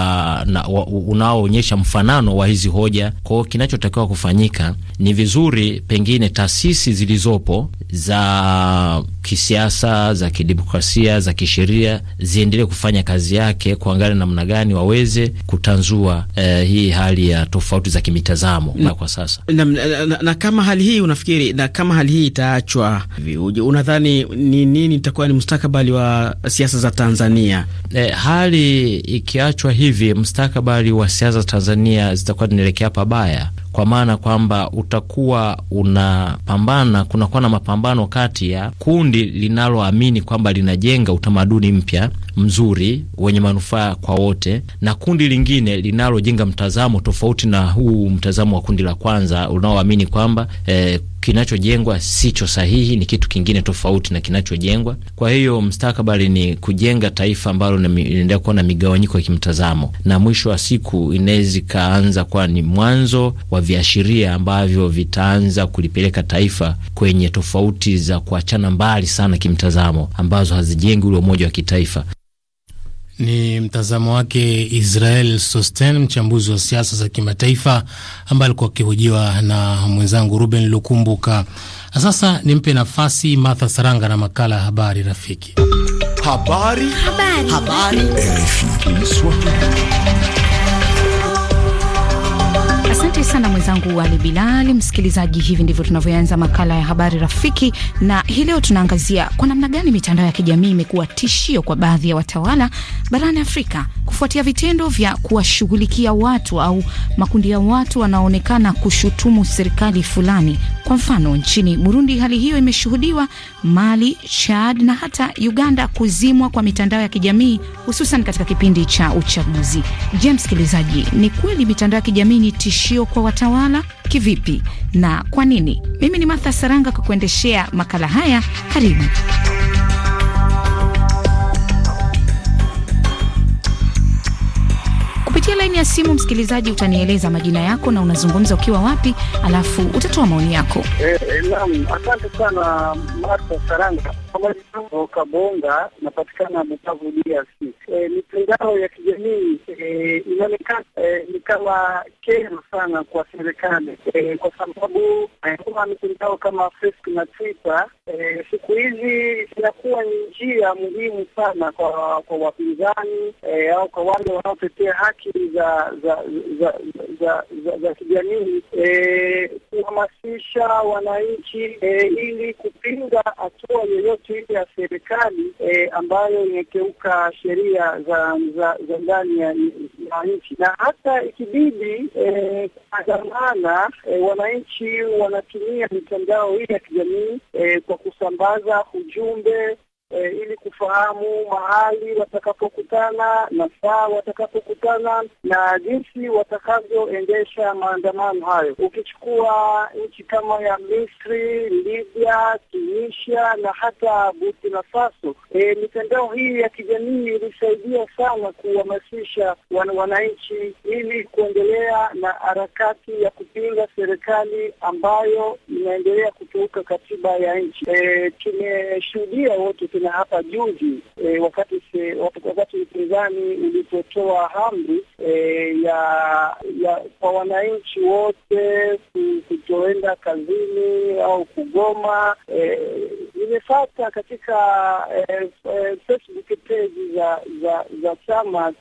wa unaoonyesha mfanano wa hizi hoja. Kwao kinachotakiwa kufanyika ni vizuri, pengine taasisi zilizopo za kisiasa, za kidemokrasia, za kisheria zi iendelee kufanya kazi yake kuangalia namna gani waweze kutanzua eh, hii hali ya tofauti za kimitazamo na kwa sasa na, na, na, na kama hali hii unafikiri, na kama hali hii itaachwa, unadhani ni nini itakuwa ni mustakabali wa siasa za Tanzania? Eh, hali ikiachwa hivi, mustakabali wa siasa za Tanzania zitakuwa zinaelekea pabaya kwa maana kwamba utakuwa unapambana, kunakuwa na mapambano kati ya kundi linaloamini kwamba linajenga utamaduni mpya mzuri wenye manufaa kwa wote na kundi lingine linalojenga mtazamo tofauti na huu mtazamo wa kundi la kwanza unaoamini kwamba eh, kinachojengwa sicho sahihi, ni kitu kingine tofauti na kinachojengwa. Kwa hiyo mstakabali ni kujenga taifa ambalo inaendelea kuwa na migawanyiko ya kimtazamo, na mwisho wa siku inaweza ikaanza kuwa ni mwanzo wa viashiria ambavyo vitaanza kulipeleka taifa kwenye tofauti za kuachana mbali sana kimtazamo, ambazo hazijengi ule umoja wa kitaifa. Ni mtazamo wake Israel Sosten, mchambuzi wa siasa za kimataifa ambaye alikuwa akihojiwa na mwenzangu Ruben Lukumbuka. Na sasa nimpe nafasi Martha Saranga na makala ya Habari Rafiki. Habari. Habari. Habari. Habari. Asante sana mwenzangu Ali Bilali. Msikilizaji, hivi ndivyo tunavyoanza makala ya habari rafiki, na hii leo tunaangazia kwa namna gani mitandao ya kijamii imekuwa tishio kwa baadhi ya watawala barani Afrika kufuatia vitendo vya kuwashughulikia watu au makundi ya watu wanaoonekana kushutumu serikali fulani. Kwa mfano, nchini Burundi hali hiyo imeshuhudiwa, Mali, Chad na hata Uganda kuzimwa kwa mitandao ya kijamii hususan katika kipindi cha uchaguzi. Je, msikilizaji, ni kweli mitandao ya kijamii ni tishio kwa watawala kivipi na kwa nini? Mimi ni Martha Saranga kwa kuendeshea makala haya. Karibu. Kupitia laini ya simu, msikilizaji, utanieleza majina yako na unazungumza ukiwa wapi, alafu utatoa maoni yako. Eh, e, asante sana Martha Saranga. Awajitango Kabonga napatikana Bukavu, DRC. Eh, mitandao ya kijamii eh, inaonekana eh, ni kama kero sana kwa serikali, kwa sababu e, mitandao kama Facebook na Twitter siku hizi zinakuwa ni njia muhimu sana kwa kwa wapinzani au kwa wale wanaotetea haki za za za za kijamii kuhamasisha wananchi ili kupinga hatua yoyote michezo ya serikali e, ambayo imekeuka sheria za za ndani ya nchi, na hata ikibidi eh, kuandamana e, eh, e, wananchi wanatumia mitandao hii ya kijamii e, kwa kusambaza ujumbe e, ili kufahamu mahali watakapokutana na saa watakapokutana na jinsi watakavyoendesha maandamano hayo. Ukichukua nchi kama ya Misri, Libya, Tunisia na hata Burkina Faso, e, mitandao hii ya kijamii ilisaidia sana kuhamasisha wan, wananchi ili kuendelea na harakati ya kupinga serikali ambayo inaendelea kukiuka katiba ya nchi. E, tumeshuhudia wote tofauti na hapa juzi e, wakati se, wakati upinzani ulipotoa amri e, ya, ya kwa wananchi wote kutoenda kazini au kugoma e, nimefata katika eh, eh, Facebook page za za za chama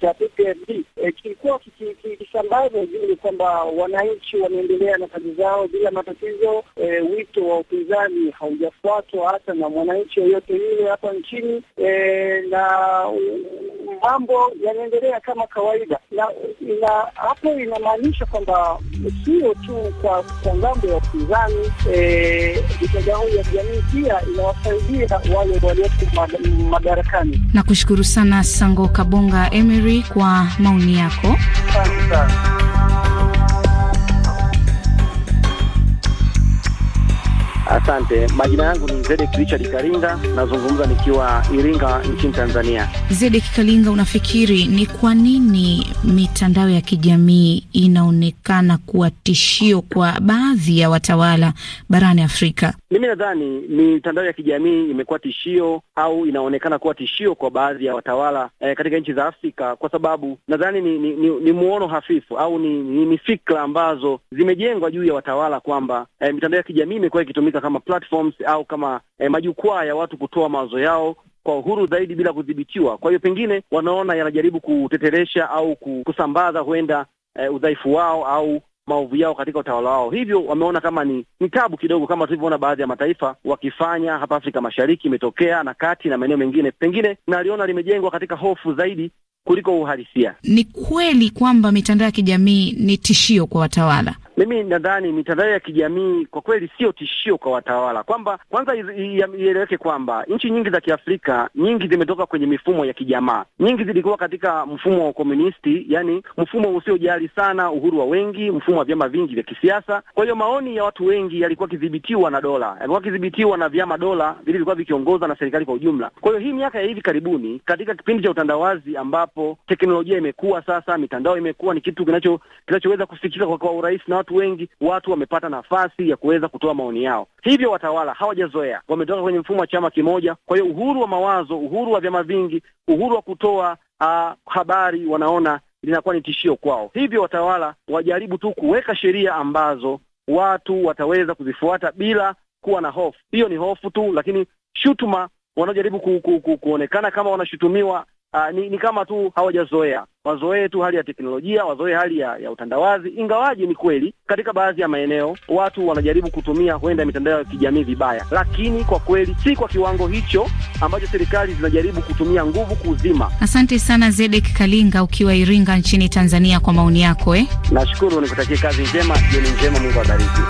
cha PPRD eh, kilikuwa kikisambaza ujumbe kwamba wananchi wanaendelea na kazi zao bila matatizo. Eh, wito wa upinzani haujafuatwa hata na mwananchi yoyote yule hapa nchini eh, na mambo yanaendelea kama kawaida, na na hapo inamaanisha kwamba sio tu kwa ngambo ya upinzani eh, ya kijamii pia inawasaidia wale walioko madarakani. Na kushukuru sana Sango Kabonga Emery kwa maoni yako, asante sana. Asante, majina yangu ni Zedek Richard Kalinga, nazungumza nikiwa Iringa nchini Tanzania. Zedek Kalinga, unafikiri ni kwa nini mitandao ya kijamii inaonekana kuwa tishio kwa baadhi ya watawala barani Afrika? Mimi nadhani mitandao ya kijamii imekuwa tishio au inaonekana kuwa tishio kwa baadhi ya watawala eh, katika nchi za Afrika kwa sababu nadhani ni, ni, ni, ni muono hafifu au ni, ni, ni fikra ambazo zimejengwa juu ya watawala kwamba eh, mitandao ya kijamii imekuwa ikitumika yanatumika kama platforms au kama eh, majukwaa ya watu kutoa mawazo yao kwa uhuru zaidi bila kudhibitiwa. Kwa hiyo pengine wanaona yanajaribu kuteteresha au kusambaza huenda eh, udhaifu wao au maovu yao katika utawala wao, hivyo wameona kama ni ni tabu kidogo, kama tulivyoona baadhi ya mataifa wakifanya hapa Afrika Mashariki, imetokea na kati na maeneo mengine, pengine naliona limejengwa katika hofu zaidi kuliko uhalisia. Ni kweli kwamba mitandao ya kijamii ni tishio kwa watawala. Mimi nadhani mitandao ya kijamii kwa kweli sio tishio kwa watawala, kwamba kwanza ieleweke kwamba nchi nyingi za Kiafrika nyingi zimetoka kwenye mifumo ya kijamaa, nyingi zilikuwa katika mfumo wa ukomunisti, yani mfumo usiojali sana uhuru wa wengi, mfumo wa vyama vingi vya kisiasa. Kwa hiyo maoni ya watu wengi yalikuwa kidhibitiwa na dola, yalikuwa kidhibitiwa na vyama dola vilivyokuwa vikiongoza na serikali kwa ujumla. Kwa hiyo hii miaka ya hivi karibuni katika kipindi cha utandawazi ambapo ambapo teknolojia imekuwa sasa, mitandao imekuwa ni kitu kinacho kinachoweza kusikika kwa, kwa urahisi na watu wengi, watu wamepata nafasi ya kuweza kutoa maoni yao. Hivyo watawala hawajazoea, wametoka kwenye mfumo wa chama kimoja. Kwa hiyo uhuru wa mawazo, uhuru wa vyama vingi, uhuru wa kutoa uh, habari wanaona linakuwa ni tishio kwao. Hivyo watawala wajaribu tu kuweka sheria ambazo watu wataweza kuzifuata bila kuwa na hofu. Hiyo ni hofu tu, lakini shutuma wanaojaribu ku, ku, ku, kuonekana kama wanashutumiwa uh, ni, ni kama tu hawajazoea, wazoee tu hali ya teknolojia, wazoee hali ya, ya utandawazi. Ingawaje ni kweli katika baadhi ya maeneo watu wanajaribu kutumia huenda mitandao ya kijamii vibaya, lakini kwa kweli si kwa kiwango hicho ambacho serikali zinajaribu kutumia nguvu kuuzima. Asante sana Zedek Kalinga ukiwa Iringa nchini Tanzania kwa maoni yako eh. Nashukuru, nikutakie kazi njema, jioni njema, Mungu abariki.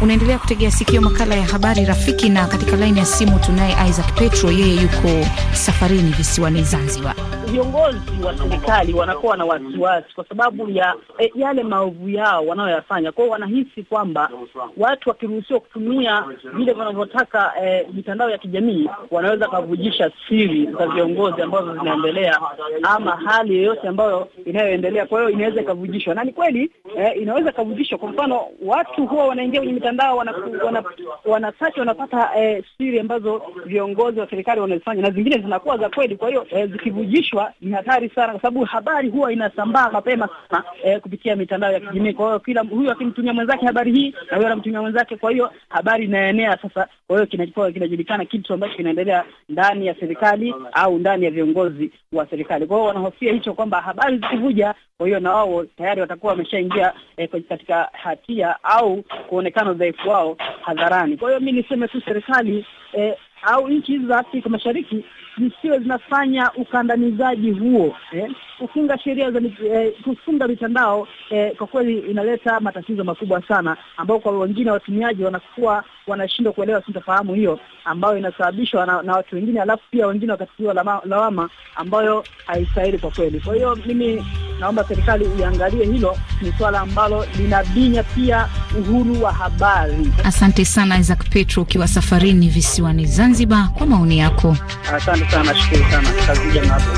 Unaendelea kutegea sikio makala ya habari rafiki, na katika laini ya simu tunaye Isaac Petro, yeye yuko safarini visiwani Zanzibar viongozi wa serikali wanakuwa na wasiwasi kwa sababu ya e, yale maovu yao wanayoyafanya. Kwa hiyo wanahisi kwamba watu wakiruhusiwa kutumia vile wanavyotaka e, mitandao ya kijamii wanaweza kuvujisha siri za viongozi ambazo zinaendelea ama hali yoyote ambayo inayoendelea. Kwa hiyo inaweza ikavujishwa, na ni kweli e, inaweza ikavujishwa. Kwa mfano, watu huwa wanaingia kwenye mitandao wanasacha wana, wana, wanapata e, siri ambazo viongozi wa serikali wanazifanya na zingine zinakuwa za kweli. Kwa hiyo e, zikivujishwa kuitwa ni hatari sana, kwa sababu habari huwa inasambaa mapema sana eh, kupitia mitandao ya kijamii. Kwa hiyo kila huyu akimtumia mwenzake habari hii na huyo anamtumia mwenzake, kwa hiyo habari inaenea sasa. Kwa hiyo kinakuwa kinajulikana kitu ambacho kinaendelea ndani ya serikali au ndani ya viongozi wa serikali. Kwa hiyo wanahofia hicho kwamba habari zikivuja, kwa hiyo na wao tayari watakuwa wameshaingia eh, katika hatia au kuonekana udhaifu wao hadharani. Kwa hiyo mi niseme tu serikali eh, au nchi za Afrika Mashariki zisiwe zinafanya ukandamizaji huo eh. Kufunga sheria za eh, kufunga mitandao eh, kwa kweli inaleta matatizo makubwa sana, ambao kwa wengine watumiaji wanakuwa wanashindwa kuelewa sintofahamu hiyo ambayo inasababishwa na, na watu wengine, alafu pia wengine wakatiliwa lawama, ambayo haistahili kwa kweli. Kwa hiyo mimi naomba serikali iangalie hilo, ni swala ambalo linabinya pia uhuru wa habari. Asante sana Isaac Petro, ukiwa safarini visiwani Zanzibar, kwa maoni yako. Asante sana, nashukuru sana, tutazija napo.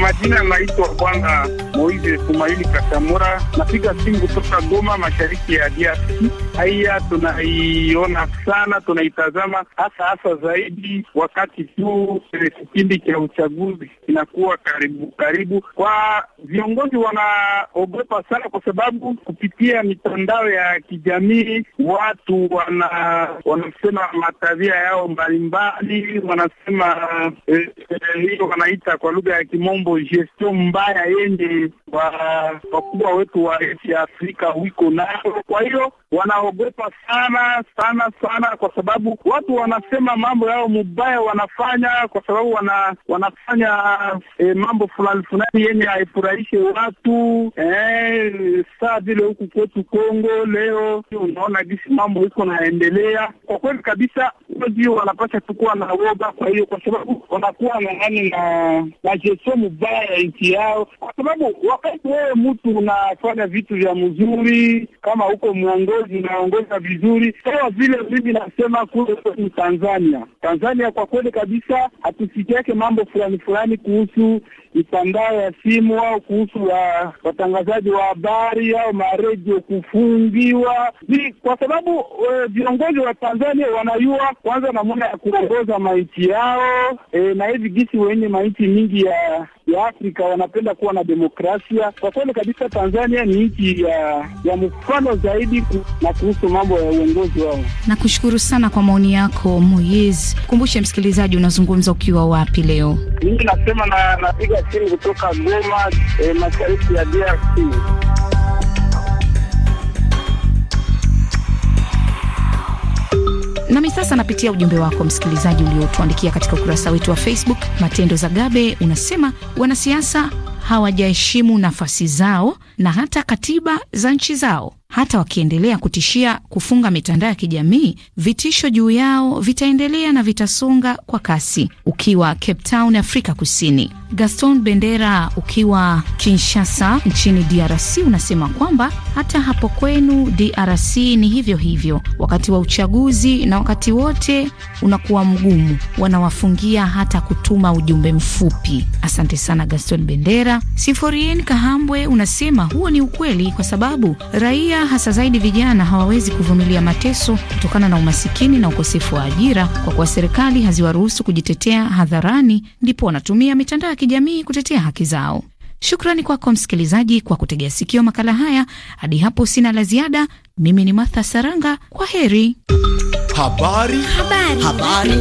majina naitwa Bwana Moize Tumaini Kasamura, napiga simu kutoka Goma, mashariki ya DRC. Haiya, tunaiona sana, tunaitazama hasa hasa zaidi wakati tu eh, kipindi cha uchaguzi inakuwa karibu karibu. Kwa viongozi wanaogopa sana, kwa sababu kupitia mitandao ya kijamii watu wana wanasema matabia yao mbalimbali, wanasema hiyo eh, eh, wanaita kwa lugha ya kimombo mambo gestion mbaya yende wakubwa wetu wa nchi ya Afrika wiko nayo. Kwa hiyo wanaogopa sana sana sana, kwa sababu watu wanasema mambo yao mubaya wanafanya, kwa sababu wana, wanafanya e, mambo fulani fulani yenye haifurahishe watu e, saa vile huku kwetu Kongo leo unaona gisi mambo iko naendelea. Kwa kweli kabisa, ndio wanapasha tukuwa na woga, kwa hiyo kwa sababu wanakuwa na nani na najeso mubaya ya nchi yao, kwa sababu wakati wewe mtu unafanya vitu vya mzuri kama huko mwongo viongozi inaongoza vizuri, kama vile mimi nasema kule Tanzania. Tanzania kwa kweli kabisa hatusikiake mambo fulani fulani kuhusu mitandao ya simu au kuhusu ah, watangazaji wa habari au maredio kufungiwa, ni kwa sababu eh, viongozi wa Tanzania wanayua kwanza namuna ya kuongoza maiti yao, e, na hivi gisi wenye maiti mingi ya ya Afrika wanapenda kuwa na demokrasia. Kwa kweli kabisa, Tanzania ni nchi ya, ya mfano zaidi na kuhusu mambo ya uongozi wao. Nakushukuru sana kwa maoni yako Moyes. Kumbushe msikilizaji, unazungumza ukiwa wapi leo? Mimi nasema na napiga timu kutoka Goma eh, mashariki ya DRC. Nami sasa napitia ujumbe wako msikilizaji uliotuandikia katika ukurasa wetu wa Facebook. Matendo Zagabe unasema wanasiasa hawajaheshimu nafasi zao na hata katiba za nchi zao hata wakiendelea kutishia kufunga mitandao ya kijamii, vitisho juu yao vitaendelea na vitasonga kwa kasi. Ukiwa Cape Town, Afrika Kusini, Gaston Bendera, ukiwa Kinshasa nchini DRC, unasema kwamba hata hapo kwenu DRC ni hivyo hivyo, wakati wa uchaguzi na wakati wote unakuwa mgumu, wanawafungia hata kutuma ujumbe mfupi. Asante sana Gaston Bendera. Siforien Kahambwe unasema huo ni ukweli, kwa sababu raia Tanzania, hasa zaidi vijana hawawezi kuvumilia mateso kutokana na umasikini na ukosefu wa ajira, kwa kuwa serikali haziwaruhusu kujitetea hadharani, ndipo wanatumia mitandao ya kijamii kutetea haki zao. Shukrani kwako msikilizaji kwa kutegea sikio makala haya. Hadi hapo sina la ziada. Mimi ni Martha Saranga, kwa heri. Habari. Habari. Habari. Habari.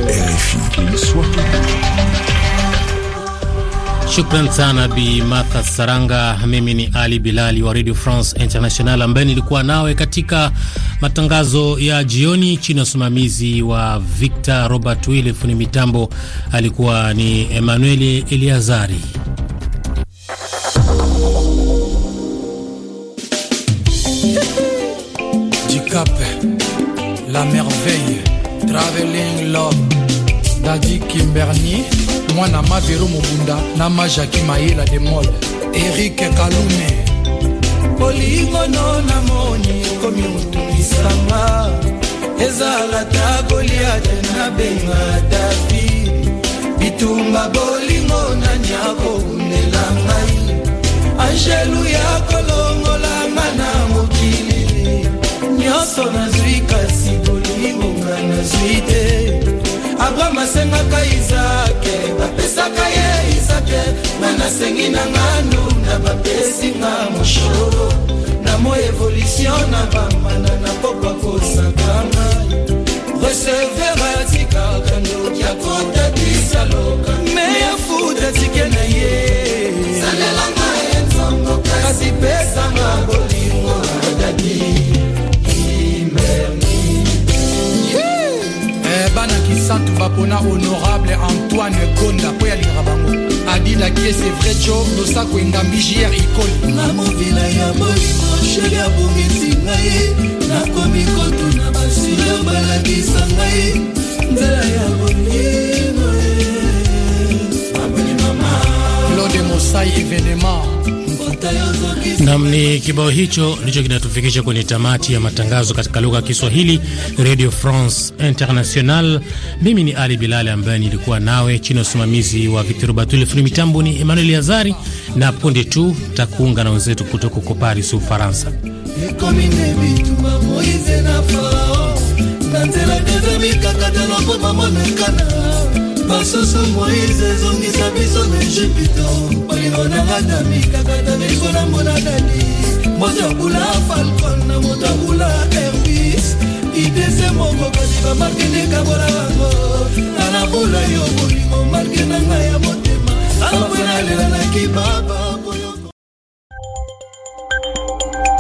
Shukran sana Bi Martha Saranga. Mimi ni Ali Bilali wa Radio France International ambaye nilikuwa nawe katika matangazo ya jioni chini ya usimamizi wa Victor Robert Wille. Fundi mitambo alikuwa ni Emmanuel Eliazari. Jikape la merveille traveling love dadi kimberni mwana mavero mobunda na majaki mayela de mol erik kalume bolingono nona moni komi otulisanga ezala ta goliade na benga davi bitumba bolingo nani akowundela ngai angelu ya kolongolanga na mokili nyonso nazwi kasi bolingo nga nazwi te abraham asengaka izake bapesaka ye izake nga nasengi na nganu na bapesinga moshoro na mo evolutio na bambanda na pokwa kosaka ngai recever atikaka ndoki akotatisa loka meya fut atike na ye salelanga enzongo kasi pesanga boli santu bapona honorable antoine konda mpo ya linga bango adilaki esevre jo losako engambi jr ikoli na movila ya bolimo sheli abungisi ngai nakomi kotuna basilo balakisa ngai nzela ya bolimo eh. lode mosai evenema Nam, ni kibao hicho ndicho kinatufikisha kwenye tamati ya matangazo katika lugha ya Kiswahili, Radio France International. Mimi ni Ali Bilali ambaye nilikuwa nawe chini ya usimamizi wa Victor Batuli, fundi mitambo ni Emmanuel Yazari, na punde tu takuunga na wenzetu kutoka huko Paris, Ufaransa. basusu moise ezongisa biso na ejipito bolingo nanga dami kaka damiso na mbona dani moto akula falcon na moto akula airbis idese moko kasi bamarkendekabola bango na nabula yo bolingo marke nanga ya motema akwena lela na kibaba